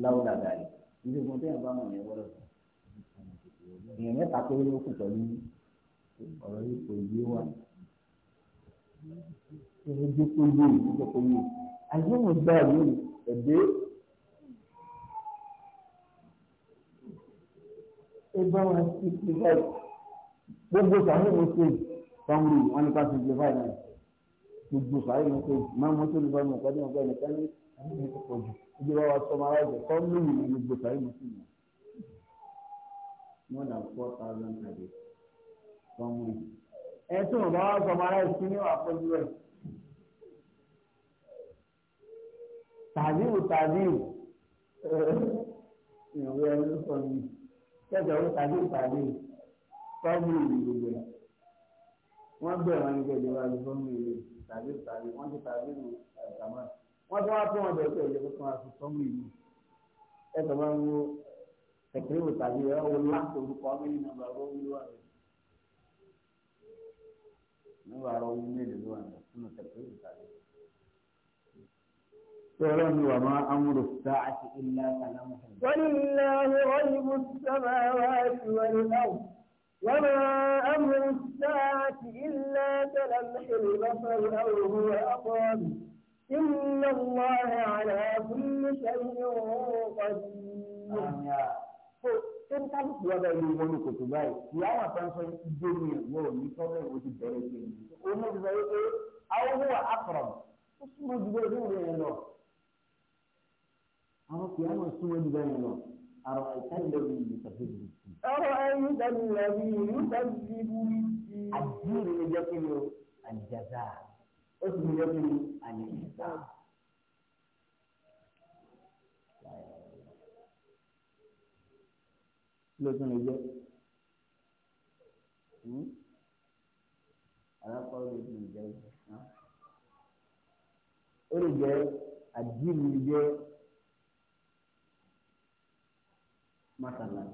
láwùlà dàrí ibi ìgbọ́n tó yàn bá mọ̀ yẹn wọ́rọ̀ èèyàn mẹ́ta péré ló kù pẹ̀lú ọ̀rọ̀ yìí kò yé wa ẹni jẹ́ kó yé èyí jẹ́ kó yé àyẹ̀wò gbà yìí ẹ̀dẹ́ ẹgbẹ́ wọn sixty five gbogbo sàárè mo ṣe tọ́mùrì wọn nípa sixty five náà gbogbo sàárè mo ṣe máa mọ́tò nípa mọ̀ kọ́dé wọn pẹ́ nìkan ní àbí mi ti pọ̀ jù ojú wa wa sọmọ aláìsàn sọ́ọ́nù yìí ni gbogbo sàrí mi sì mọ̀ more than four thousand per day sọ́ọ́nù yìí. ẹ tí wọn bá wá sọmọ aláìsàn ní wàá pọ̀jù rẹ̀ tàbíù tàbíù ìwé ẹni sọ mi kẹjọ ó tàbíù tàbíù sọ́ọ́nù yìí gbogbo ẹ̀ wọ́n bẹ̀rẹ̀ wọn ní kẹjọ wa ní sọ́ọ́nù yìí tàbíù tàbíù wọ́n ti tàbíù àgbàmọ́. wọ́n tún wá tún ọ̀dọ̀ tó yẹ fún wa fún ìjọba ìjọba ìlú ẹ tó bá ń wo tẹ̀kíríwò tàbí ẹ wo láti orúkọ mí nàbà rọ wí wà rẹ nàbà rọ wí mélòó ló wà rẹ fún tẹ̀kíríwò tàbí. سلام وما أمر الساعة إلا كلامه ولله غيب السماوات والأرض وما أمر الساعة إلا كلمح البصر أو هو أقرب إن الله على كل شيء قدير Sẹ́ni káàdùkù wá báyìí ló wọlé kòtò báyìí. Ìyá àwọn àtàǹsọ ìdí omi ẹ̀wọ́ ní sọ́dọ̀ ìwé ti bẹ̀rẹ̀ sí i. Òun náà ti sọ wípé awọ́wọ́ wa akọ̀rọ̀ ó súnmọ́ ju bẹ́ẹ̀ lóore yẹn lọ. Àwọn kìí àwọn súnmọ́ ju bẹ́ẹ̀ lọ. Àrò àìsàn lẹ́bi yìí tàbí ìlú. Ọ̀rọ̀ ẹyin tàbí ìlú tàbí ìlú. Àdúrà ni jẹ́ kí ni o? Àjàdá ó sì ní lójú àlè ìgbà. lójú lè jẹ́ hmm? alákọ̀ọ́ lójú lè jẹ́ ó lè jẹ́ àdínú lè jẹ́ mọ́tàlá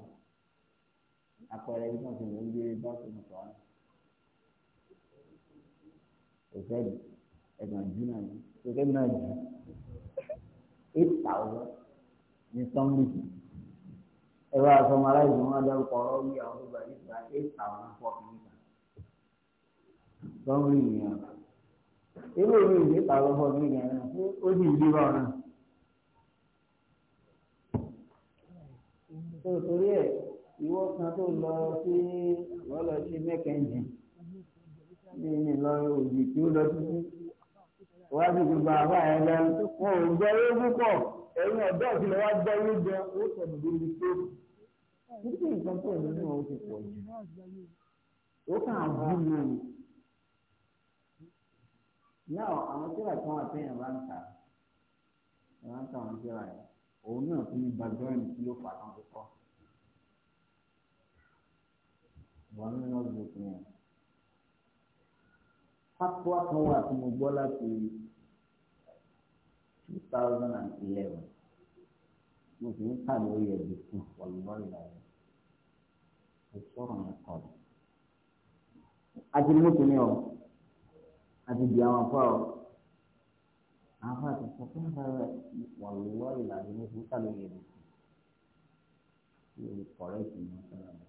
àpẹẹrẹ yìí kan sì ń gbé bá tó nù sọ́ọ́ òṣèlú ẹ̀gbọ́n jù náà ní ṣèké bí náà jù eight thousand ní sọ́mbì ẹ̀rọ àfọmọ aláìsàn wọn dárúkọ ọ̀rọ̀ wí àwọn tó gba ìgbà eight thousand four kìlítà sọ́mbì nìyẹn ilé ìwé ìwé eight thousand four kìlítà náà ṣé ó sì ń bí báwọn náà. tó torí ẹ̀ ìwọ kan tó lọ sí wọ́n lọ sí mẹ́kẹ́ńjì ní ìlọrin òjì tí ó lọ títí wọ́n ti gbogbo àwọn àyẹ̀ lọ wọn ò gbọ́ owó púpọ̀ ẹ̀yin ọ̀dọ́ ìfilẹ̀ wá gbọ́ owó jẹ owó tẹ̀lé lórí tó títí nǹkan tó ní ní owó ti pọ̀ jù ó kàn bú mi o. náà àwọn tíra kan wà tẹ́yìn bá ń ta ẹ̀ ń ta àwọn tíra yẹn òun náà fi ní background tí ló fà á kan tó kọ́. wọ́n ní wọ́n gbé fún yẹn fatwa kan wà tí mo gbọ́ láti two thousand and eleven mo sì ń kà lórí ẹ̀dùn fún ọ̀lùmọ́rì láyé mo sọ̀rọ̀ yẹn kọ̀ ọ́. àti mọ́tò ni ọ àti di àwọn afọ ọ àwọn àti sọ fún ọ̀rẹ́ ọ̀lùmọ́rì láyé mo sì ń kà lórí ẹ̀dùn fún ọ̀lùmọ́rì kọ̀rẹ́ẹ̀tì ni wọ́n fẹ́ràn mi.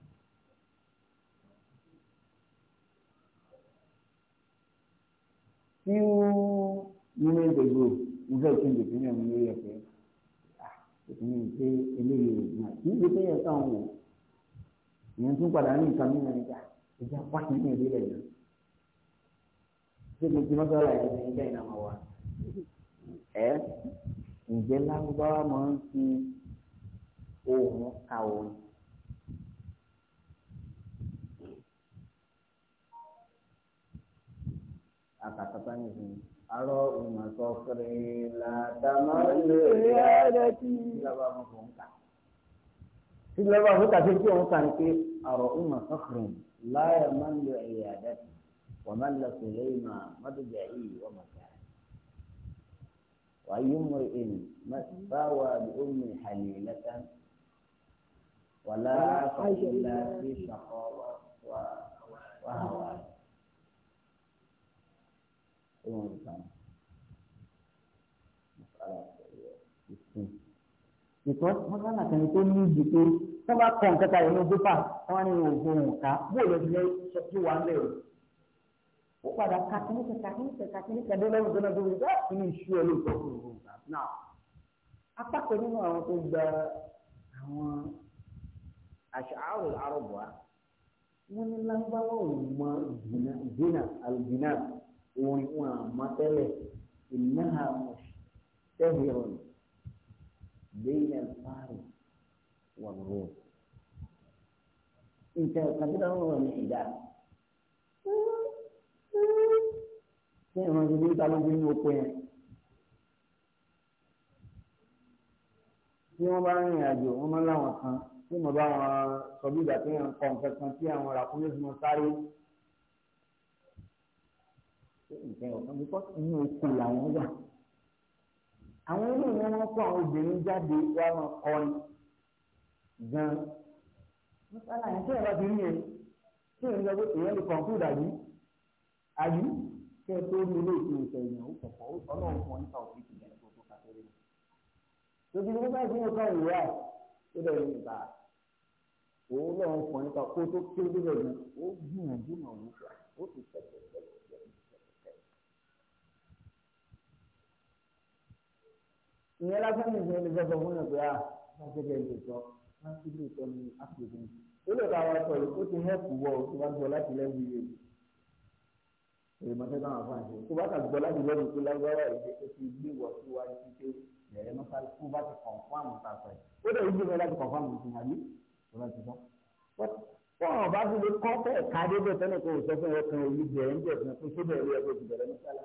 few minutes ago nígbà tí ìgbè fún mi lórí ẹ̀fẹ́ ìpinnu ìpè eléyìí ò gbà kí ìgbè fún yẹn sàn wò ìyẹn tún padà ní ìka mímọ níta ìjà pàṣẹ ní ìdílé yẹn ṣé kò tí mọ́tò ọ̀la ìdílé yẹn bẹ́ẹ̀ náà máa ǹjẹ́ lágbára máa ń fi ohun ka akàtàkà nìyí arọ ìmọ̀tọ́ kiri làdàmà lórí àdàtì sílẹ̀bà fún kà sílẹ̀bà fún kàtí tí òun kàn pé arọ ìmọ̀tọ́ kiri láyà máa ń lo ẹ̀yà àdàtì wọ́n máa ń lọ sílẹ̀ ìmọ̀ mọ́tòjà yìí wọ́n mọ̀ ká. وأي امرئ ما استوى بأم حليلة ولا حجل في شقاوة وهوى ọlọ́run ló sàn án ìsìn ìtọ́ mọ́sálà kan tó ní ìdí pé tó bá kọ nǹkan kan ìlú gbígbà wọn ní oògùn òǹkà bó lè lè ṣe wà ń bẹ̀rù ó padà kàkíníkà kàkíníkà kàkíníkà dé lọ́wọ́ gbọ́dọ̀ gbọ́dọ̀ gbọ́dọ̀ kí ni ìṣú ẹ ló sọ fún òògùn òǹkà náà apá kan nínú àwọn tó gba àwọn àṣàárò àrọ̀bùà wọn ní lágbáwọ̀ mọ ìdínà àlùdínà orin wọn àmọ́ tẹ́lẹ̀ ìnáhà mọ̀ṣù tẹ́hìrọ̀ ni bẹ́ẹ̀ni alfáàrù wà lọ́wọ́. nǹkan kàdúrà wọn ní ìdá. ṣé ìran ìlú ìtàlójú ní oko yẹn? tí wọ́n bá rìnrìn àjò wọn máa ń láwọn kan tí mo bá wọn sọ bí ìgbà tí wọ́n ń kọ nǹkan kan tí àwọn ràkúnmí fi mọ sáré nǹkan ọ̀kan bí kọ́sì ní oko làwọn wà àwọn ilé ìwé wọn kó àwọn obìnrin jáde wá máa kọrin gan mọ́sálà yẹn tí ìyàwó ti rí yẹn tí ìyẹn lọ pé èèyàn lè kàn fún ìdàgbé àyù kí ẹ tó ní ilé ìsinmi ìṣẹ̀ ìyàn ó pọ̀pọ̀ ọlọ́run fún ọ nípa òfin ìṣẹ̀lẹ̀ tó tó kàtẹ́rẹ́ mi. lójú ní bá ìṣẹ́yìn kan ìwé à tó bẹ̀rẹ̀ ní ìgbà òun lọ́run fún ọ nípa kó tó kéré bẹ̀rẹ̀ ó gbìyànjú mọ̀ wọ́n ó ti tẹ̀tẹ̀ ìyẹn lásán ní ìgbìmọ̀ ní gbọ́dọ̀ fún ẹgbẹ́ à láti ẹgbẹ́ ìlú ìtọ́ láti ìlú ìtọ́ ní áfíríkì ó lè káwọn ẹ̀kọ́ yìí ó ti hẹ́pù wọ tó bá gbọ́ láti lẹ́nu iye èrè mọ́tẹ́ náà fún àṣẹ tó bá kà gbọ́ láti lẹ́nu tó lágbára ìdè ó ti gbé wọ sí wájú pé ẹ̀rẹ́ mọ́tà kú bá ti kọ̀ǹfàmù tàfẹ́ ó dẹ̀ yí gbé láti kọ̀ǹfàmù tì àbí tó bá ti sọ. wọ́n ọ̀ bá fi lè kọ́ fẹ́ẹ̀ ká o sọ fún ẹ̀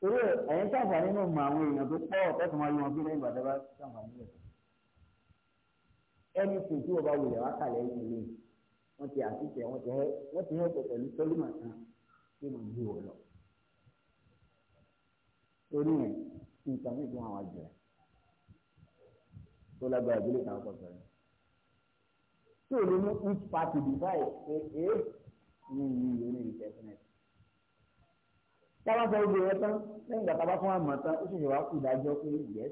torí ẹ̀yin sàǹfààní náà mọ àwọn èèyàn tó pọ̀ tẹ́tù máa yọ wọn bí lẹ́yìn ìgbàdá bá sàǹfààní rẹ̀ ẹni tó tí wọ́n bá wulẹ̀ wá kàlẹ́ yìí lé wọ́n ti àtúntẹ̀ wọ́n ti hẹ́ wọ́n ti hẹ́ pẹ̀lú sọ́límà kan tí mo gbé wọ lọ torí yẹn nǹkan mi dùn àwọn àjẹ́ tó lágbára ìdílé kan kọ̀ sọ́yìn tí o lè mú each party divide ṣe é ní ìlú oníyìí tẹ́sán ẹ̀ táwọn sọ ibi rẹ tán lẹ́yìn ìgbà tábà fún àmọ́ tán ó sì wá kú ìdájọ́ pé yẹ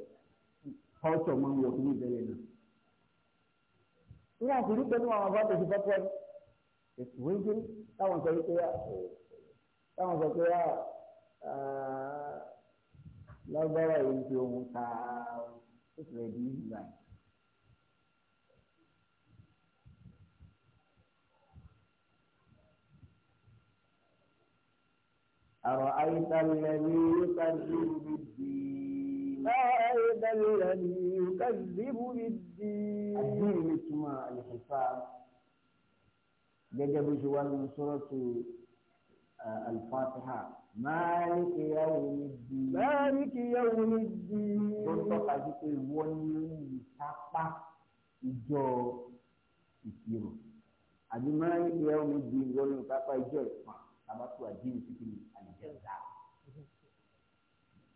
kọ́ọ̀tọ̀ mọ́ mi òkú ìbẹ̀rẹ̀ náà. ní àṣírí pẹ̀lú àwọn bá tẹ̀sí fọ́pọ́ ètò wíńdí táwọn sọ pé táwọn sọ pé lágbára èyí ti ohun tààrà ó sì rẹ̀ bí ìgbà yìí. أرأيت الذي يكذب بالدين أرأيت الذي يكذب بالدين الدين اسمه الحساب جدب جوال سورة الفاتحة مالك يوم الدين مالك يوم الدين تنطق ذلك الولي سقط جو. ìṣirò àbí مالك يوم الدين wọlé ìkápá ìjọ ìfà abátúwà dín ìṣìkìlì.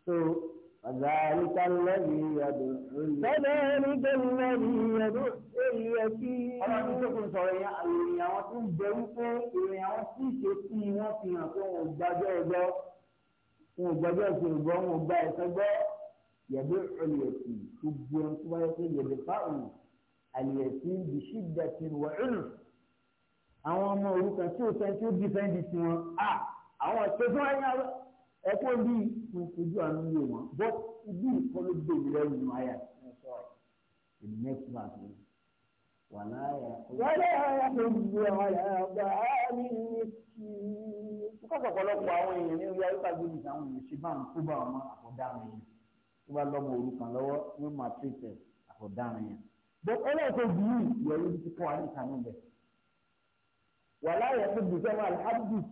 So, فذلك الذي يدعو فذلك الذي يدعو اليتيم ọlọ́run tó kún sọ̀rọ̀ yẹn ìròyìn àwọn tó ń bẹ wípé ìròyìn àwọn tí ìṣe sí i wọ́n fi hàn pé wọn ò gbàjọ́ ẹgbọ́ wọn ò gbàjọ́ ìṣòro gbọ́ wọn ò gba ẹ̀sán gbọ́ yẹ̀dọ́ ẹlẹ́tì tó bu ẹni tó wáyé pé yẹ̀dọ́ fáwọn ẹlẹ́tì bí ṣídà ti wọ̀ ẹ̀rù àwọn ọmọ òrukàn tí ò sẹ́ni àwọn ìṣẹ́jú ayé ẹ̀kọ́ bí ìṣẹ́jú àánú yé wọn but ibi ìkọlù gbèbí lẹ́yìn inú ayé the next verse ni. ولا يأكل ولا طعام مسكين kọ́sọ̀ ọ̀pọ̀lọpọ̀ àwọn èèyàn ní orí ayúkà gbòdì àwọn èèyàn ṣe máa ń kó bá ọmọ àkọ́dáàrin yẹn tó bá lọ́mọ òrukàn lọ́wọ́ ní matrixes àkọ́dáàrin yẹn. bó ẹlẹ́ẹ̀kọ́ yìí yẹ̀rù ti kọ́ wa níta níbẹ̀. wàláyà tó dùn sẹ́wọ́n alhábdùs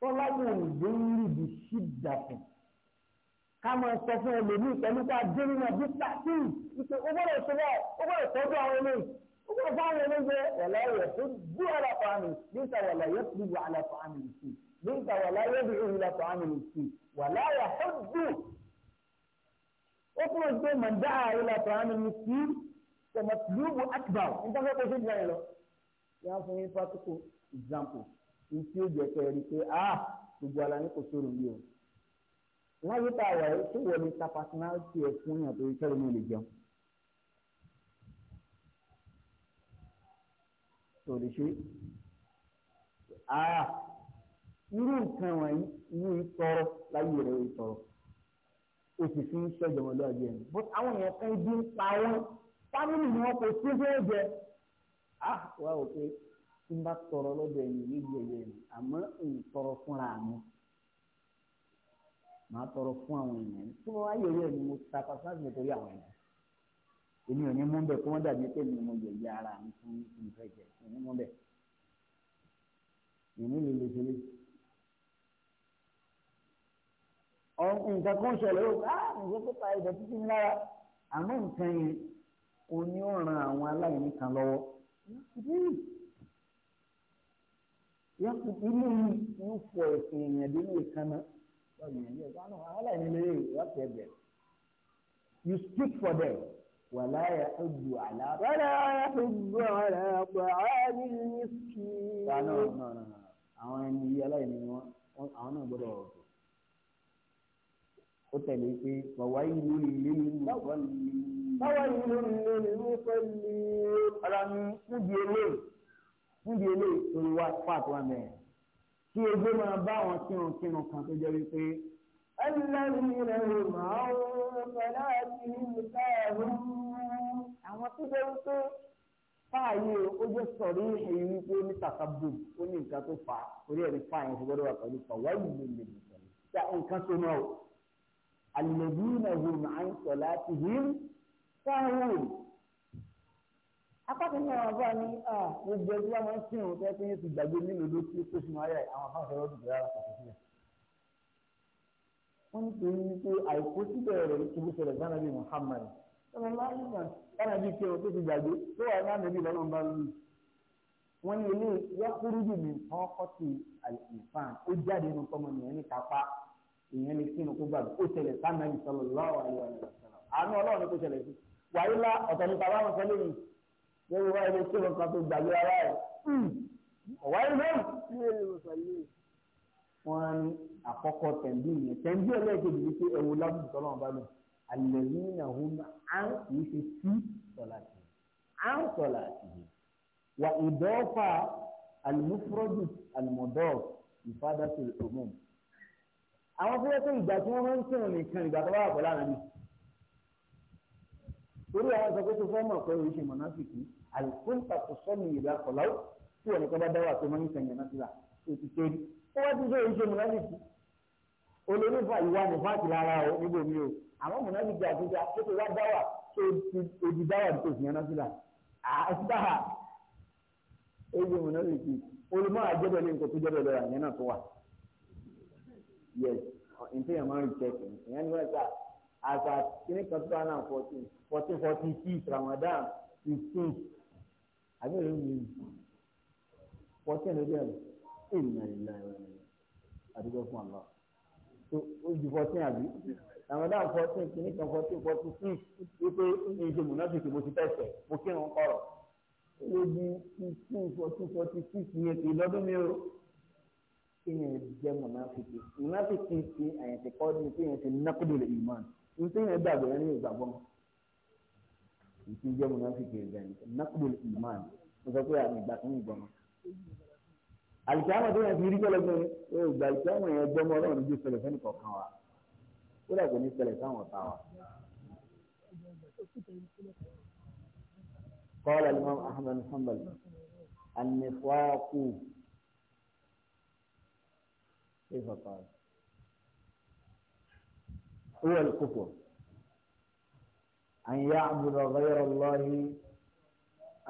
tọ́lájú ìgbéyìí bí ṣídà fún ká máa sọ fún ẹlòmíì pẹ̀lú pé adéhùn àbí pàtí ìpè ó gbọ́dọ̀ ṣọwọ́ ó gbọ́dọ̀ tọ́jú àwọn eléyìí ó gbọ́dọ̀ fún àwọn eléyìí ọ̀la ẹ̀yẹ tó bú àlàfo àmì níta wàlà yẹ kú wà àlàfo àmì nìkú níta wàlà yẹ bí ìhìn àlàfo àmì nìkú wàlà yà tó dùn ó kúrò pé màdá àlàfo àmì nìkú tọmọtìlúbù àtìbà nígbà tó ṣe jẹ́ ẹ lọ yà fún yín fásitì example tí ó jẹ́ kẹ́ rí pé a ah, gbogbo ara ní kò sóòrò yìí o. láyé tá a wà yìí tó wọlé ta personality ẹ̀ fún yàn torí kẹ́rù mi lè jẹun. sòrò ṣe a ah, irú nǹkan wọ̀nyí irú ìtọrọ láyé rẹ̀ ìtọrọ o sì fi ń ṣẹ́jọ wọn lọ́wọ́ jẹun but àwọn èèyàn kan dín pa wọn fámìlì ni wọn kò sí fún ẹ̀jẹ̀ ah wà ó pé. Okay tí n bá tọrọ lọ́dọ̀ ẹ̀yìn yìí di ẹ̀yẹ ẹ̀yìn n tọrọ fúnra mi màá tọrọ fún àwọn èèyàn tí wọ́n wá yẹ̀yẹ́ mi mo ta pàṣẹ nítorí àwọn èèyàn èmi ò ní mú bẹ́ẹ̀ kó wọ́n dàbí pé mi mo yẹ̀yẹ́ ara mi fún nǹkan jẹ èmi mú bẹ́ẹ̀ èmi lè lè ṣeré nǹkan kan ṣẹlẹ̀ ó ká nǹkan tó pa ẹ̀jẹ̀ títí ń lára àmọ́ nǹkan yẹn kò ní ó àwọn aláìní kan lọ́wọ́ ilé yóò fọ ẹ̀sìn èèyàn dé ní ìkànnà lọ́dún yẹn ní ẹ̀ka náà àwọn you speak for them wàlá yà ó ju àlá. wàlá yà àlá àwọn ẹni yìí aláìní wọn àwọn náà gbọ́dọ̀ ọ̀tọ̀ ó tẹ̀lé pé bàwá ìlú ilé ìlú mi eléyìí. níbi eléyìí torí wá pàtó wà mẹ́rin kí ẹgbẹ́ máa bá àwọn kírun kírun kan tó jẹ́ wípé. ẹlẹ́rìí rẹ̀ máa ń fẹ́lá àti ìmúta ẹ̀rọ. àwọn tó jẹ́ wípé fáàyè ó jẹ́ sọ̀rí èyí wípé ní tàkàbù ó ní nǹkan tó fà á orí ẹ̀rí fáàyè ti gbọ́dọ̀ wà pẹ̀lú fàwáyé lè lè sọ̀rọ̀ ya nǹkan tó náà àlèbí náà wò máa ń sọ̀ láti hí sáà apákan náà wà ní gbogbo ẹgbẹ́ wọn sí òun fẹ́ pé yẹn ti gbàgbé nílò ló tí kó sínú ayé àwọn afáfẹ́ ọdún tó yára pàtó sílẹ̀. wọ́n ní torí àìkú síbẹ̀ rẹ̀ ti bó ṣẹlẹ̀ gánà bíi Muhammad ọmọ máàlùmá gánà bíi kí ọ tó ti gbàgbé tó wà náà níbi lọ́nà bá lù. wọ́n ní ilé yakurudu mi kàn kọ́tì àlìfàn ó jáde nínú tọmọ nìyẹn ní kápá ìyẹn ní sínú kó gbàgbé ó ṣẹlẹ̀ sánà lórí wáyé ló kírun kan tó gbàgbé ara rẹ̀ ọ̀wáyé náà ní èlé mùsùlùmí. wọ́n á ní àkọ́kọ́ tẹ̀m̀bí yẹn tẹ̀m̀bí ẹlẹ́ẹ̀kejì wípé ẹ̀wò lábùkù tọ́lọ́ ọba lò àlẹ́yìn náà hún á kì í ṣe sí sọ̀lá sí i á sọ̀lá sí i wà ìdọ́fà àlùmúfúrọ́jù àlùmọ̀dọ́ ìfádàsí òmùm. àwọn tó yẹ pé ìgbà tí wọ́n máa ń kírun nìkan ìgbà tó bá wà pẹ̀lú àwọn ẹni torí àwọn sọ pé tó fẹ́ mọ̀ pé oríṣi mọ̀nàfìkì àlùkùntà tó sọ́ọ̀lì ìlà kọ̀láwó tí wọn kọ́ bá dáwà tó máa ń sẹ̀yìn náà síra tó ti tẹ́lẹ̀ ó wá ti sọ èyí ṣe mùnàbìkì olórífà ìwà nìfàkì lára o níbo mi o àwọn mùnàbìkì àtúntò àtúntò wá dáwà tó ti dáwà tó ti yẹn náà síra àtúntà èyí ṣe mùnàbìkì olùmọ̀ àjẹbẹ̀ ní nǹkan tó jẹ́bẹ̀ lọ́ra yẹn náà tó wà yes nǹkan yẹn máa ń jẹ́ ìyẹn ni wọ́n ta àṣà kìnnìkan tó wà náà fourteen fourteen forty six Ramadan fifteen àbí èrè mi fourteen ló dẹ̀ ìrìnà ìlà ìrìnà àdúgbò fún àlọ́ tó ó ju fourteen àbí àwọn dáhùn fourteen kìíní kan fourteen fourteen six hmm. wípé ní ìṣe mùnàfíìsì mo ti tẹ̀sẹ̀ mo kírun kọ̀rọ̀ ó di fifteen fourteen forty six yẹn kì í lọ́dún mi o kí yẹn jẹ́ mùnàfíìsì mùnàfíìsì ti àyẹ̀tẹ̀kọ́ ní kí yẹn ti nákúndùn lè ìmọ̀ ní kí yẹn gbàgbọ́ yẹn ní ìgbàgbọ́ mọ́ ìtú jẹ́ mùnàfíkì ẹ̀gbẹ́ nàkùbọ̀lù iman. mo sọ pé àmì ìgbà fún ìgbọ̀mọ̀. àlùkìyàmà tó yàn fi rí pẹlẹgbẹ ẹ ìgbà àlùkìyàmà yẹn gbọmọ ọlọ́run ju ṣẹlẹ̀ fẹ́ni kọ̀ọ̀kan wa ó dàgbẹ́ ní ṣẹlẹ̀ sáwọn ọ̀tá wa. قال الإمام أحمد بن حنبل النفاق كيف قال أن يعبد غير الله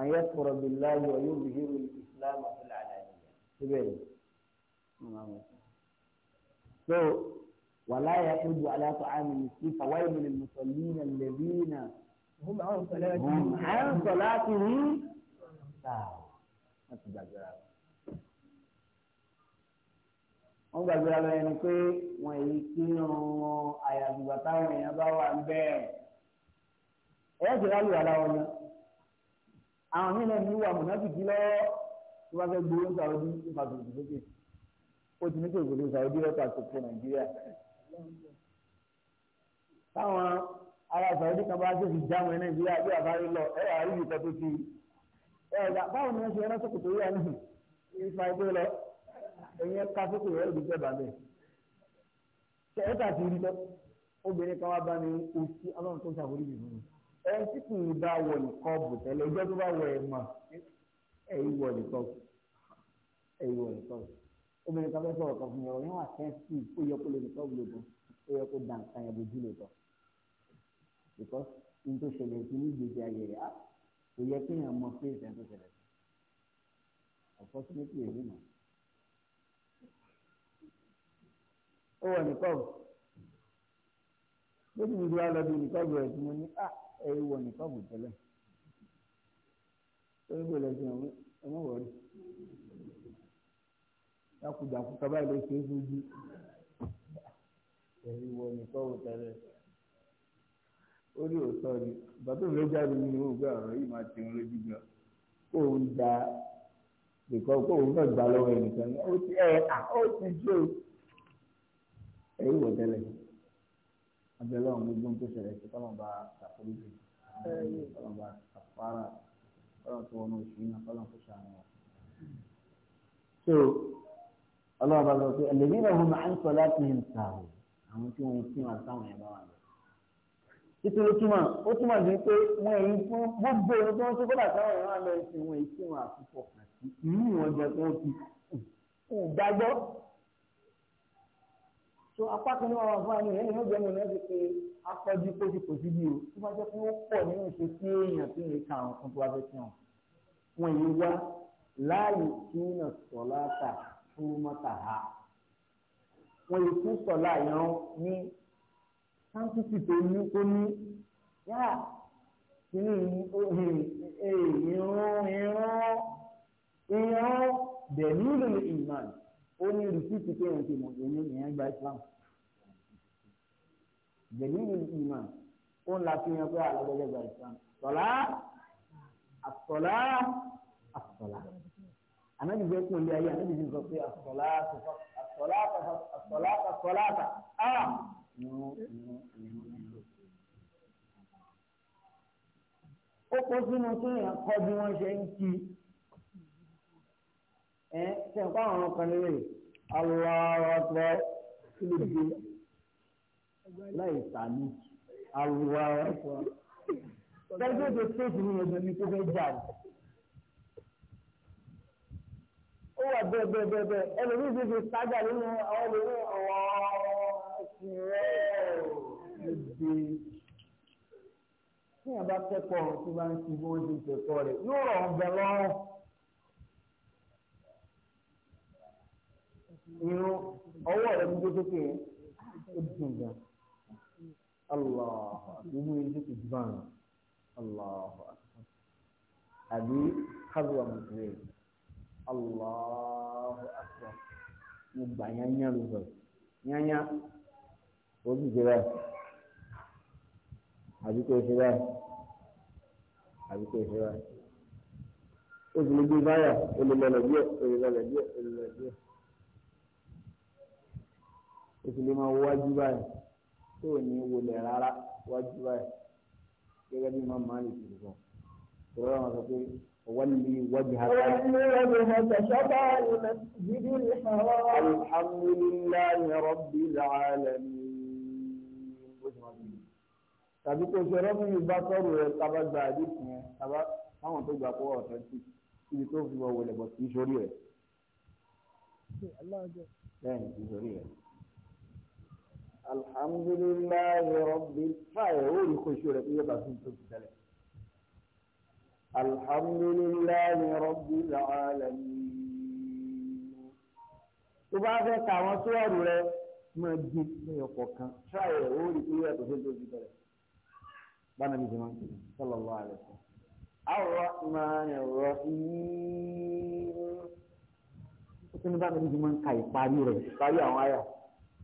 أن يكفر بالله ويظهر الإسلام في العلانية تبين so ولا يحب على طعام المسكين فويل للمصلين الذين هم عن صلاتهم عن صلاتهم ساهوا wọ́n gbàgbé ara ẹni pé wọ́n èyí kí wọn àyàgbùgbà táwọn èèyàn bá wà ń bẹ́ẹ̀ ẹ̀yẹ́ ti ráàlù ara wọn ni àwọn míì náà ní wà mọ̀nàfìkì lọ́wọ́ tó bá fẹ́ gbowó ń sàwọ́dí nípa tòkòtò lókè ó ti ní tòkòtò sàwọ́dí lọ́ta tòkòtò nàìjíríà táwọn ará sàwọ́dí kan bá tètè jáwọn nàìjíríà bí àbárí lọ ẹ wà rí ìkọ́ tó ti ẹ gbà báwo ni wọ́n ṣe rán sòkòtò yà ní ìfà ìgbé lọ ẹ̀yẹ ká sókòtò rẹ̀ òdìjẹ́ bàbẹ̀ ṣe ẹ̀ta ẹni tí kì í bá wọ nìkan bù tẹ́lẹ̀ ọjọ́ tó bá wọ ẹ̀ mọ̀ ẹ̀ wọ nìkan bù ẹ̀ wọ nìkan bù obìnrin kan fẹ́ sọ̀rọ̀ kan fún mi ọ̀rọ̀ yẹn wà sẹ́ńsì ó yẹ kó lè nìkan bù lóògùn ó yẹ kó da nǹkan yẹn lójú lóòtọ́ because n tó ṣẹlẹ̀ sí ní gbèsè ayé rẹ̀ kò yẹ kí èèyàn mọ fèsì ẹni tó ṣẹlẹ̀ sí unfortunately èyí nà ó wọ nìkan bù lójú mi ló wá lọ bí nìkan bù rẹ̀ tí mo ní ah ẹ̀rí wọ nìkan kò tẹ́lẹ̀ torí bó lẹ́sìn ọ̀hún ẹ̀mú wọ̀rí jákujàku kaba ilé ṣe é fojú ẹ̀rí wọ nìkan kò tẹ́lẹ̀ ó rí òótọ́ ni bàtò ló jáde ní òògùn ọ̀rọ̀ yìí máa ti ń lójú gan kó o ń da nìkan kó o ń fẹ́ gbà lọ́wọ́ ẹnìkan ó ti ẹ̀ ó ti jó ẹ̀rí wọ̀ tẹ́lẹ̀ abẹ́lẹ́ ọ̀hún gbogbo tó ṣẹlẹ̀ sí kọ́lọ́n bá ṣàforíjì kọ́lọ́n bá ṣàfárà kọ́lọ́n tó wọnú oṣù iná kọ́lọ́n tó ṣàánú wọn. so ọlọ́run bá sọ pé ẹlẹ́bí náà wọn máa ń sọ láti ń ta o àwọn tí wọ́n ti máa sáwọn ẹ̀ bá wà lọ. nítorí túmọ̀ ó túmọ̀ sí pé wọ́n èyí fún gbogbo ohun tó ń ṣe kọ́lá sáwọn ẹ̀ máa lọ sí wọn èyí tí wọn jẹ tó ti so apá kan ní wọn wọn fún ẹni ẹni ló gbẹmí náà ti pé afọjú kójú kò sí bí o tó bá jẹ pé ó pọ̀ nínú ìṣe sí èèyàn tí èèyàn kà àwọn fún tó wá fẹ́ sí wọn. wọn yìí wá láàyè tí nà sọláta fún mọta ha wọn yìí tún sọlá yẹn ní sáńtítì tó ní ó ní yá kínní ìhìn ìrún ìrún ìrún dẹ̀ nílò ìmọ̀ ó ní rìsíìtì kéèyàn ti mọ̀ èmi ìyẹn gba islam jẹ̀líìlì ìmọ̀ ó ń la fi hàn pé alágbẹ́jẹ́ gba islam sọ̀lá àsọ̀lá àsọ̀lá ànábì bẹ́ẹ̀ kún ilé ayé ànábì bẹ́ẹ̀ sọ pé àsọ̀lá àsọ̀lá àsọ̀lá àsọ̀lá àtà á nù nù nù. ó kó sínú kéèyàn kọ́ bí wọ́n ṣe ń kí i ẹ ṣe nǹkan àwọn ọkàn nílé aláwọ̀tọ́ kílódé láì sàmì aláwọ̀tọ́ tẹ́lifí ètò ṣéèkì ní ọjọ́ ní kókó jà ní. ó wà bẹ́ẹ̀ bẹ́ẹ̀ bẹ́ẹ̀ bẹ́ẹ̀ ẹlòmíì ti fi sájà nínú àwọn olórí ọ̀wọ́ ẹ̀sìn rẹ̀ ẹ̀dẹ̀ tí yàrá bá kẹ́kọ̀ọ́ tí wọ́n ti bó ń ṣe ìṣẹ̀kọ́ rẹ̀ yóò rọ̀ ọ́n bẹ lọ́rùn. sókè yẹn ó dùn gan aláàbò ìmú yẹn sókè jù bá wọn aláàbò àbí kábíwá mùsùlùmí aláàbò àkùrọ mo gbà yányá ló sọ yányá ó sì ṣe báyìí àbí kò ṣe báyìí àbí kò ṣe báyìí ó sì lè gbé báyà ó lè lọlẹ díẹ̀ ó lè lọlẹ díẹ̀ ó lè lọlẹ díẹ̀ o sì lè máa wájú báyìí tó o ní wọlé rárá wájú báyìí gẹ́gẹ́ bí máa máa lè tìlú kan ìrora wọn sọ pé wàlí wájú ha ká. wàlí wájú ha ká ṣọ́bà ìlàjìdì ìṣòro. alhamdulillahi rabbil tàbí kò ṣe rọ́bù yìí bá tọ́rù rẹ̀ tábà gba àdìsí yẹn tábà táwọn tó gbà kó ọ̀tọ̀ sí ibi tó fi wọ wọlé bọ̀ kì í rẹ̀. bẹ́ẹ̀ ni kì rẹ̀ alhamdulilayi rọ̀bì fáyọ̀ ó rí kóṣù rẹ̀ pé yóò bá fi ń tóbi tẹ́lẹ̀. alhamdulilayi rọ̀bì làálàmì. tó bá fẹ́ ka àwọn sọ́ọ̀rù rẹ máa di ẹyọ kọ̀ọ̀kan fáyọ̀ ó rí pé yóò bá fi ń tóbi tẹ́lẹ̀. báwo ni jìnnà sallallahu alaihi wasallam. الرحمن الرحيم. ó tún ní báwo ni jìnnà ń ka ìparí rẹ̀ ìparí àwọn àyà.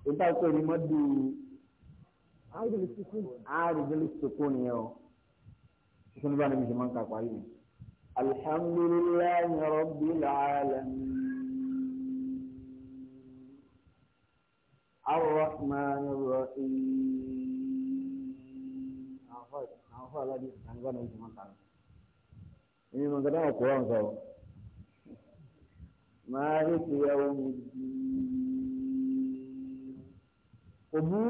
níta pé ní mọ́dù àrídìlì sukùn ni ọ sísun bá níbi ṣe máa ń ka parí ni. alhamdulillahi rabbil alamin. الرحمن الرحيم عفوا لا دي كان غنى ما كان إني من قدام القرآن سوا مالك يوم الدين òbú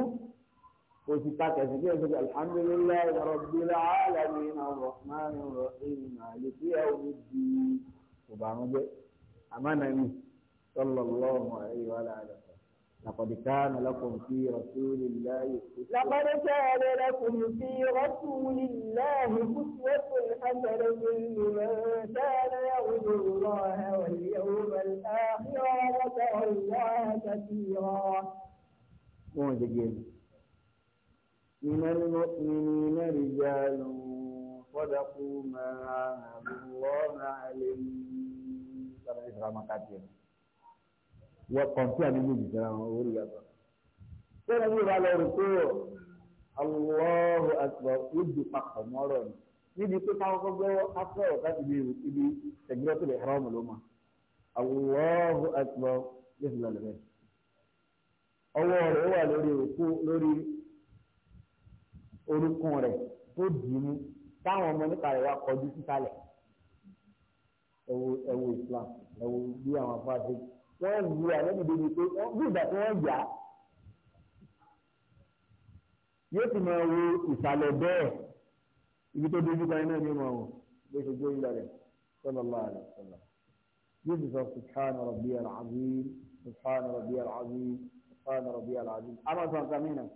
òsì pàtàkì bí ẹ̀sìn alhamdulilayi rabbil alamin arrahman arrahim maliki yawmiddin òbànújẹ́ amánàmí sallallahu alayhi wa sallam. لقد كان لكم في رسول الله لقد كان لكم في رسول الله أسوة حسنة لمن كان يرجو الله واليوم wọn jẹjẹ ni. minal mu'minina rijalun sadaqu ma àbúrò alayhi. sábà ní sàrámà káàkiri wọ́n kọ̀ǹtì àbí méjì sara wọn orí yàtọ̀. sẹ́ni bí ìbálẹ̀ rẹ̀ pé Allahu akbar ó di papọ̀ mọ́rọ̀ ni níbi pé káwọ́kọ́ gbọ́wọ́ afẹ́rọ̀ láti bí ibi tẹ̀gbẹ́rẹ́ tó lè haram ló ma Allahu akbar yóò fi lọ lẹ́bẹ̀ẹ́ ọwọ́ rẹ̀ wà lórí òkú lórí orúkún rẹ̀ tó dì í mú táwọn ọmọ nípa rẹ̀ wá kọjú sísàlẹ̀ ẹ̀wò ẹ̀wò Islam ẹ̀wò bí àwọn afáàdé wọ́n lu àlẹ́bí débi pé bí ìgbà tí wọ́n yà á yóò sì máa wo ìsàlẹ̀ bẹ́ẹ̀ ibi tó dojú kan náà ní ma wò bó ṣe gbóyún lọ rẹ̀ sallallahu alaihi wasallam yóò sì sọ subhana rabbiyal azim subhana rabbiyal azim. قال ربي العظيم أما فانتمينا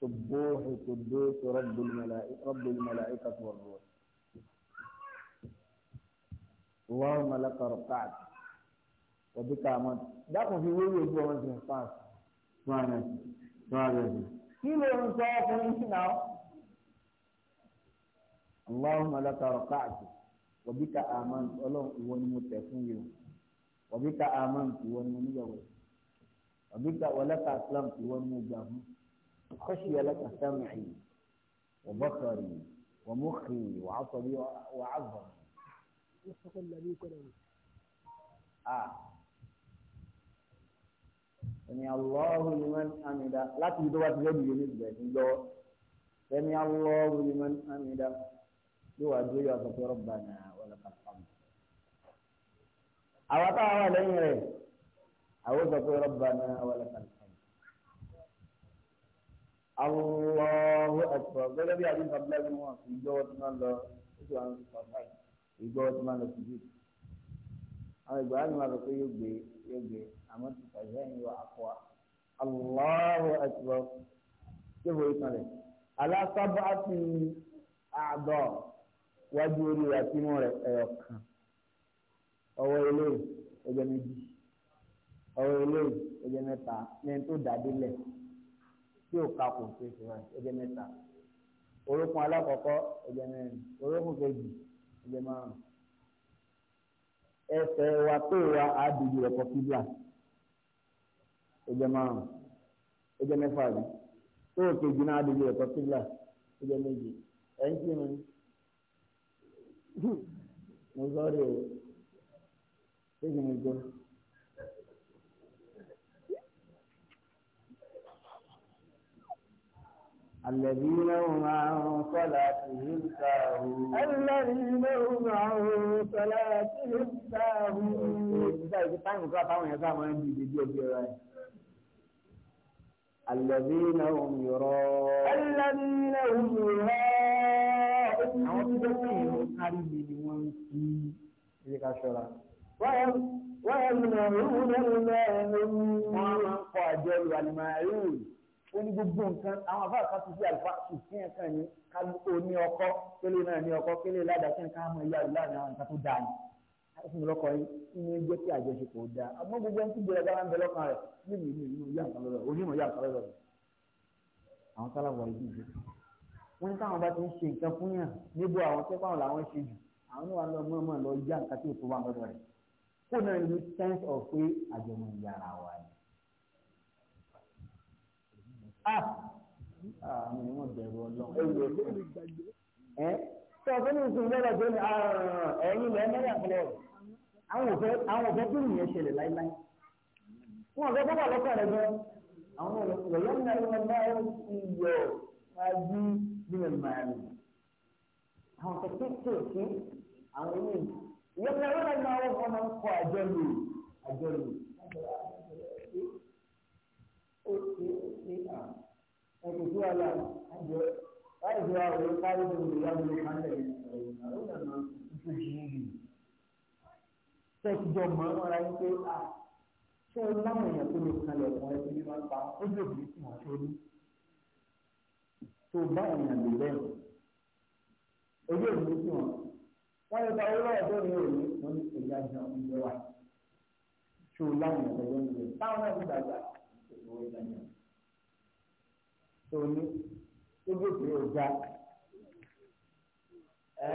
سبوح قدوس رب الملائكة رب الملائكة والروح اللهم لك ركعت وبك آمنت داكو في ويو يجوا من سيحفاظ سوانا سوانا كيلو انصاف هنا اللهم لك ركعت وبك آمنت اللهم ونمتفن يوم wàbíkà amantu wọn ni oníyàwó wàbíkà wàlẹ́kà aslamtu wọn ni ọjà fún khashiya laka sam'i wa basari wa mukhi wa asabi wa azami. ah sẹmi alọ́ọ̀hún ni wọ́n amida láti ibi tó bá ti lẹ́nu yẹn ní ìgbà ẹ̀sìn lọ́wọ́ sẹmi alọ́ọ̀hún ni amida yóò wá dúró yóò sọ pé rọ́bà náà wọ́n lọ́kàtà àwọn táwọn wà lẹ́yìn rẹ̀ àwọn sọ pé rabbana walakal hamd. Allahu akbar gẹ́gẹ́ bí àdìsí abúlé wọn kì í gbọ́wọ́ tí wọ́n lọ oṣù àwọn sọ báyìí kì í gbọ́wọ́ tí wọ́n lọ sí àwọn ìgbà wọn máa sọ pé yóò gbé yóò gbé àmọ́ ti tàyẹ̀ ń yọ àpò wa. Allahu akbar ṣé wo ìtàn rẹ̀ alásábàá ti àdọ̀ wájú orí rẹ̀ àti imú rẹ̀ ẹ̀yọ̀ kan. ọwọ́ ilé ọjọ́ méjì ọwọ́ ilé ọjọ́ mẹ́ta lẹ́yìn tó dàdé lẹ̀ tí ò ka kò ṣe fún ọjọ́ mẹ́ta orókùn alákọ̀ọ́kọ́ ọjọ́ mẹ́rin orókùn kejì ọjọ́ márùn ẹsẹ̀ wa tó wa ọjọ́ márùn ọjọ́ mẹ́fà rí tó o kejì náà ọjọ́ ẹ̀ ń kí [LAUGHS] mo ṣéèkì ni jẹ́. الذين هم عن صلاتهم ساهون الذين هم عن صلاتهم ساهون الذين هم يراءون الذين هم يراءون àwọn tó jẹ́ ويمنعون الماعون وما قاجل والماعون ó ní gbogbo nǹkan àwọn àbá kan ti fi àlùfáà ṣùgbọ́n ẹ̀kan ní kálukó ní ọkọ kélé náà ní ọkọ kélé ládàá nǹkan àmọ́ ìyá ìlànà àwọn nǹkan tó dáa ni fún mi lọkọ yìí kí ni jẹ́ kí àjọṣepọ̀ dáa àmọ́ gbogbo ẹni tí gbèrè dára ń bẹ lọ́kàn rẹ̀ nínú ìlú ìlú ìyá nǹkan lọ́rọ̀ onímọ̀ ìyá nǹkan lọ́rọ̀ àwọn sálábọ̀ ìdí ìdí wọ́n ní káwọn bá ti ń ṣe nǹkan fún yàn níbo àwọn tẹ́pọ̀ àwọn làwọn ṣe kó náà ní sense of pé àjọmọ ìyára wa ni. àmì ni wọ́n bẹ̀rù ọlọ́run. ẹ sọ fún mi sùn lọ́dọ̀ tó ní ẹ̀yin lẹ́yìn mẹ́rin àpẹẹrẹ àwọn òfẹ́ àwọn òfẹ́ tó nìyẹn ṣẹlẹ̀ láíláí. wọn ò fẹ́ kó wà lọ́kàn rẹ gan. àwọn ọ̀yọ́ ń darí wọn náà ń yọ ajú nínú màálù. àwọn kẹ̀kẹ́ kéèké àwọn oníyìí yamna'una al-ma'ruf wa nankwa àjọlù àjọlù ó ti ó ti à ẹ̀kọ́ tí wàá là àjọ láì fi àwọn olùkárí tó lè yá wọlé kálẹ̀ yamna'una al-ma'ruf tó ti yé yìí tẹ́tijọ́ mọ́ ara yín pé à ṣé o láwọn èèyàn tó lè kalẹ̀ ọ̀kan ẹbí ní máa ń pa ó lè bí tí wọ́n ṣe rí tó bá èèyàn lè bẹ́ẹ̀ ojú èèyàn tí wọ́n wọ́n lè ta owó ọ̀dọ́ ní òní wọ́n ní èyí àjọ ìjọ wa ṣó láwọn ọ̀dọ́ yẹn táwọn náà ti dàgbà ìṣòro ìdájọ́ tó ní tóbi tí ó já ẹ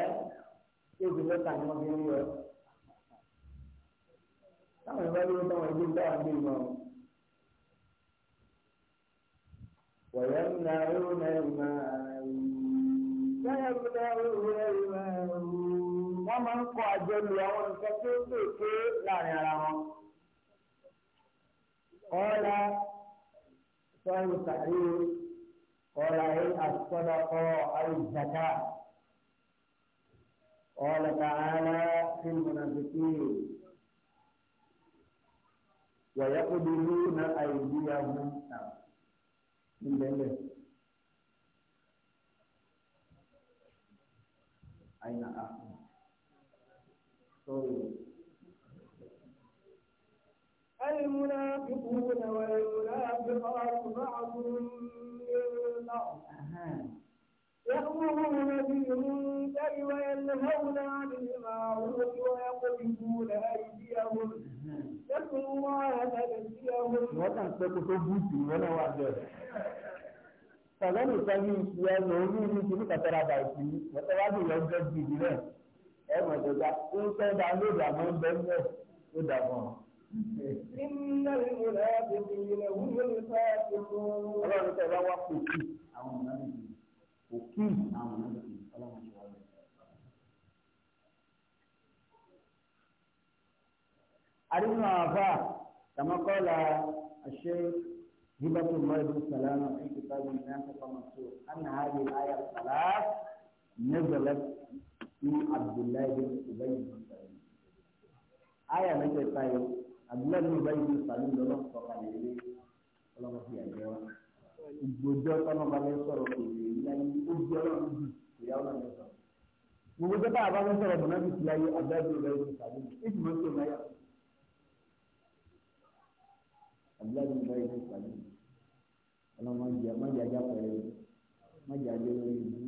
tóbi lọ́tà ni wọ́n fi ń yọ táwọn ìbá ló ń bá wọn gbé dáwà ìmọ̀ wọ̀yẹ́ ń na ẹ̀rọ náà ìmọ̀ ààrùn wọ́n máa ń kọ àjọlù àwọn nǹkan tó gbèké láàrin ara wọn. Kọ́lá sọ́yìn sàrí kọ́lá yìí àsọdọ̀kọ́ àìjàká. Kọ́lá tààlà sí mùnàfíkì. ويقبلون أيديهم من الله أين آخر المنافقون والمنافقات بعضهم من بعض يأمرون بالمنكر وينهون عن المعروف ويقبضون أيديهم نسوا الله فنسيهم وكان سبب بوتي ولا واحد sàlẹ́nì sẹ́yìn ìṣẹ́ lòún ní ní kíní kàtàrà bàìsí wọ́n tẹ́wájú ẹ̀rọ mọ̀ tó dá ó ń fẹ́ dá ló dà mọ́ bẹ́ẹ̀ mọ́ ó dà fún ọ. Iná ìlú rẹ̀ ti fi ilẹ̀ wúlò ní sáà ti Ọlọ́run tẹ̀ bá wá kò kí àwọn ọ̀nà ìdí Kò kí àwọn ọ̀nà ìdí Ọlọ́run ti wá lọ. Àdínú àbá tàmákọ́lá àṣẹ هبة الله بن سلامة في كتاب الناس فمنصور àná àyè àyà الثلاث nígbàlẹ́. sí abdullahi bin ubayi bin sàlẹ̀ ayé àmẹ́tẹ̀ẹ̀ta yìí abdullahi bin ubayi bin sàlẹ̀ lọ́nà sọ̀kalẹ̀ ilé ọlọ́mọ fi àjẹ́ wa ìgbòjọ́ tọ́lọ́mọ bá sọ̀rọ̀ kò lè láyé ó jẹ́ ọlọ́run jù kò yá ọlọ́run sọ̀rọ̀ gbogbo jẹ́ báyà bá ń sọ̀rọ̀ bọ̀nà bí ti láyé abdullahi bin ubayi bin sàlẹ̀ èyí mọ̀ sí ọ̀nà yà abdullahi bin ubayi bin sàlẹ̀ ọlọ́mọ jẹ́ mọ́jà ajá pẹ̀lú mọ́jà ajá lórí ìlú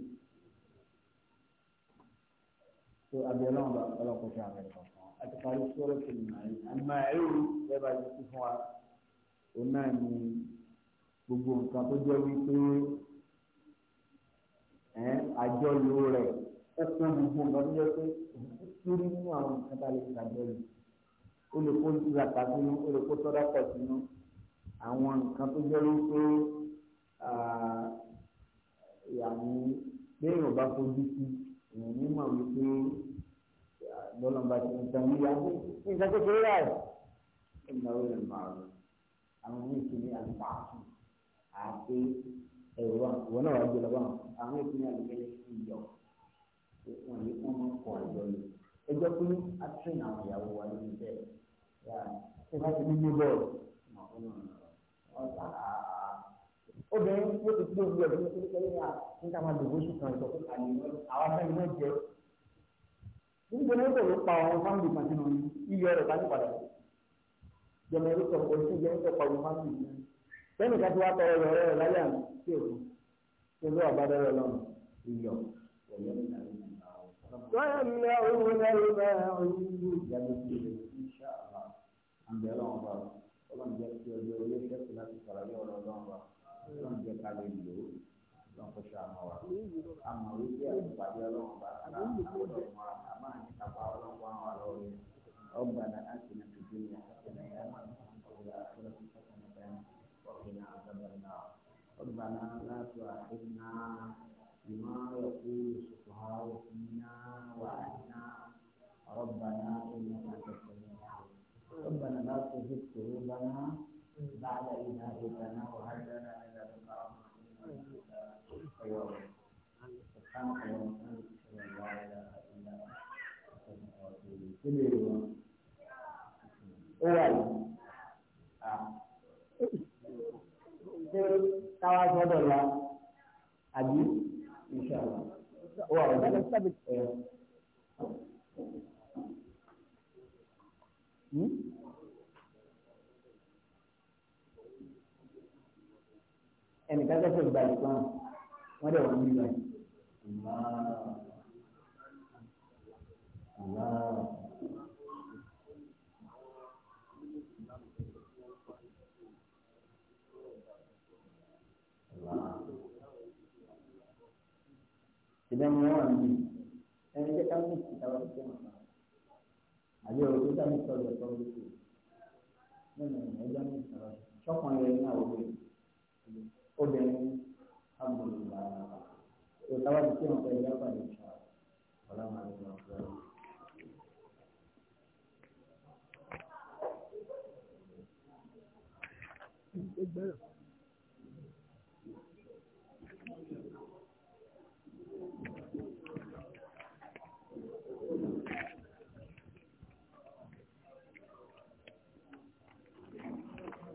tó abẹ́rẹ́ wọn bá ọlọ́kùnrin fún abẹ́rẹ́ kan fún wa àti parí sọ́rọ́ kìlì màáyì àmàáyì bẹ́ẹ̀ bá yẹ kí fún wa òun náà ní gbogbo nǹkan tó jẹ́ wípé àjọlò rẹ̀ ó kún gbogbo nǹkan tó jẹ́ pé kiri nínú àwọn nǹkan tá a lè fi àjọlò ó lè kó ìràkà sínú ó lè kó sọ́dọ̀ pọ̀ sínú àwọn nǹkan tó jẹ́ wípé ìyàwó lẹ́yìn ọba fojú sí i ìyẹn ní mọ̀ wípé bọ́lọ̀mbà ti ń tan yíyá ní nǹkan kékeré rà ẹ̀ ìnáwó rẹ̀ máa rọ̀ àwọn oníṣìírí àgbààfù àti ẹ̀rọ àwọn náà wàá jẹlọ báwọn àwọn oníṣìírí àgbẹ̀lẹ̀ ìyọ̀ wọn yìí wọn máa kọ àjọ yìí ẹ jẹ́ pé atrin àwọn ìyàwó wa lórí bẹ́ẹ̀ ṣé bá ti ní bí bọ́ọ̀lù ọ̀tá obìnrin yóò ti gbé ìwé ẹ̀dínwó tó kékeré ní àtúntà máa dòwó oṣù kan ìsọ̀kú kàní àwọn abẹ́ni náà jẹ. nígbà náà tó ló pa àwọn fámìlì kan sínú iyọ̀ rẹ̀ bá ní padà sí. jọmọ ẹrú sọ pé ṣé ìyẹn tó pa àwọn fámìlì yìí. sẹ́ni ká ti wá tọrọ ìyọ̀ rẹ̀ láyé àná sí òkú tó ló àbádọ́rọ̀ lọ́nà iyọ̀ wọ̀nyẹ́ lọ́n dia ká lè lò ó lọ́n kó ṣe àwọn wa àmọ́ wípé àwọn ìpàdé ọlọ́run bá ká ọlọ́run wa àmọ́ àti kápá ọlọ́run wa wà lọ́wọ́ yẹn ọgbà náà á ti nà tuntun yẹn àtẹnà yẹn á ọgbà àtẹnà tuntun yẹn ọgbìnà àgbàgbà náà ọgbà náà láti wà ẹ̀ná ìmọ̀ ọ̀kú ṣùkọ́ ó wà yìí ṣé káwá sọ́dọ̀ la àbí ìṣàlọ ó wà ọdọ ẹ. ẹnìkan tó fẹ́ gba ìpamọ́ wọ́n dẹ̀ wọ́n ní ìgbà yìí. Tidak mengalami. Dan dia kami kita waktu itu masalah. Ayo kita misal dia tahu itu. Memang ada misal. Siapa yang nak ubi? Ubi. Alhamdulillah tó táwa ti kí wọn pẹ̀lú lápá ní ìṣá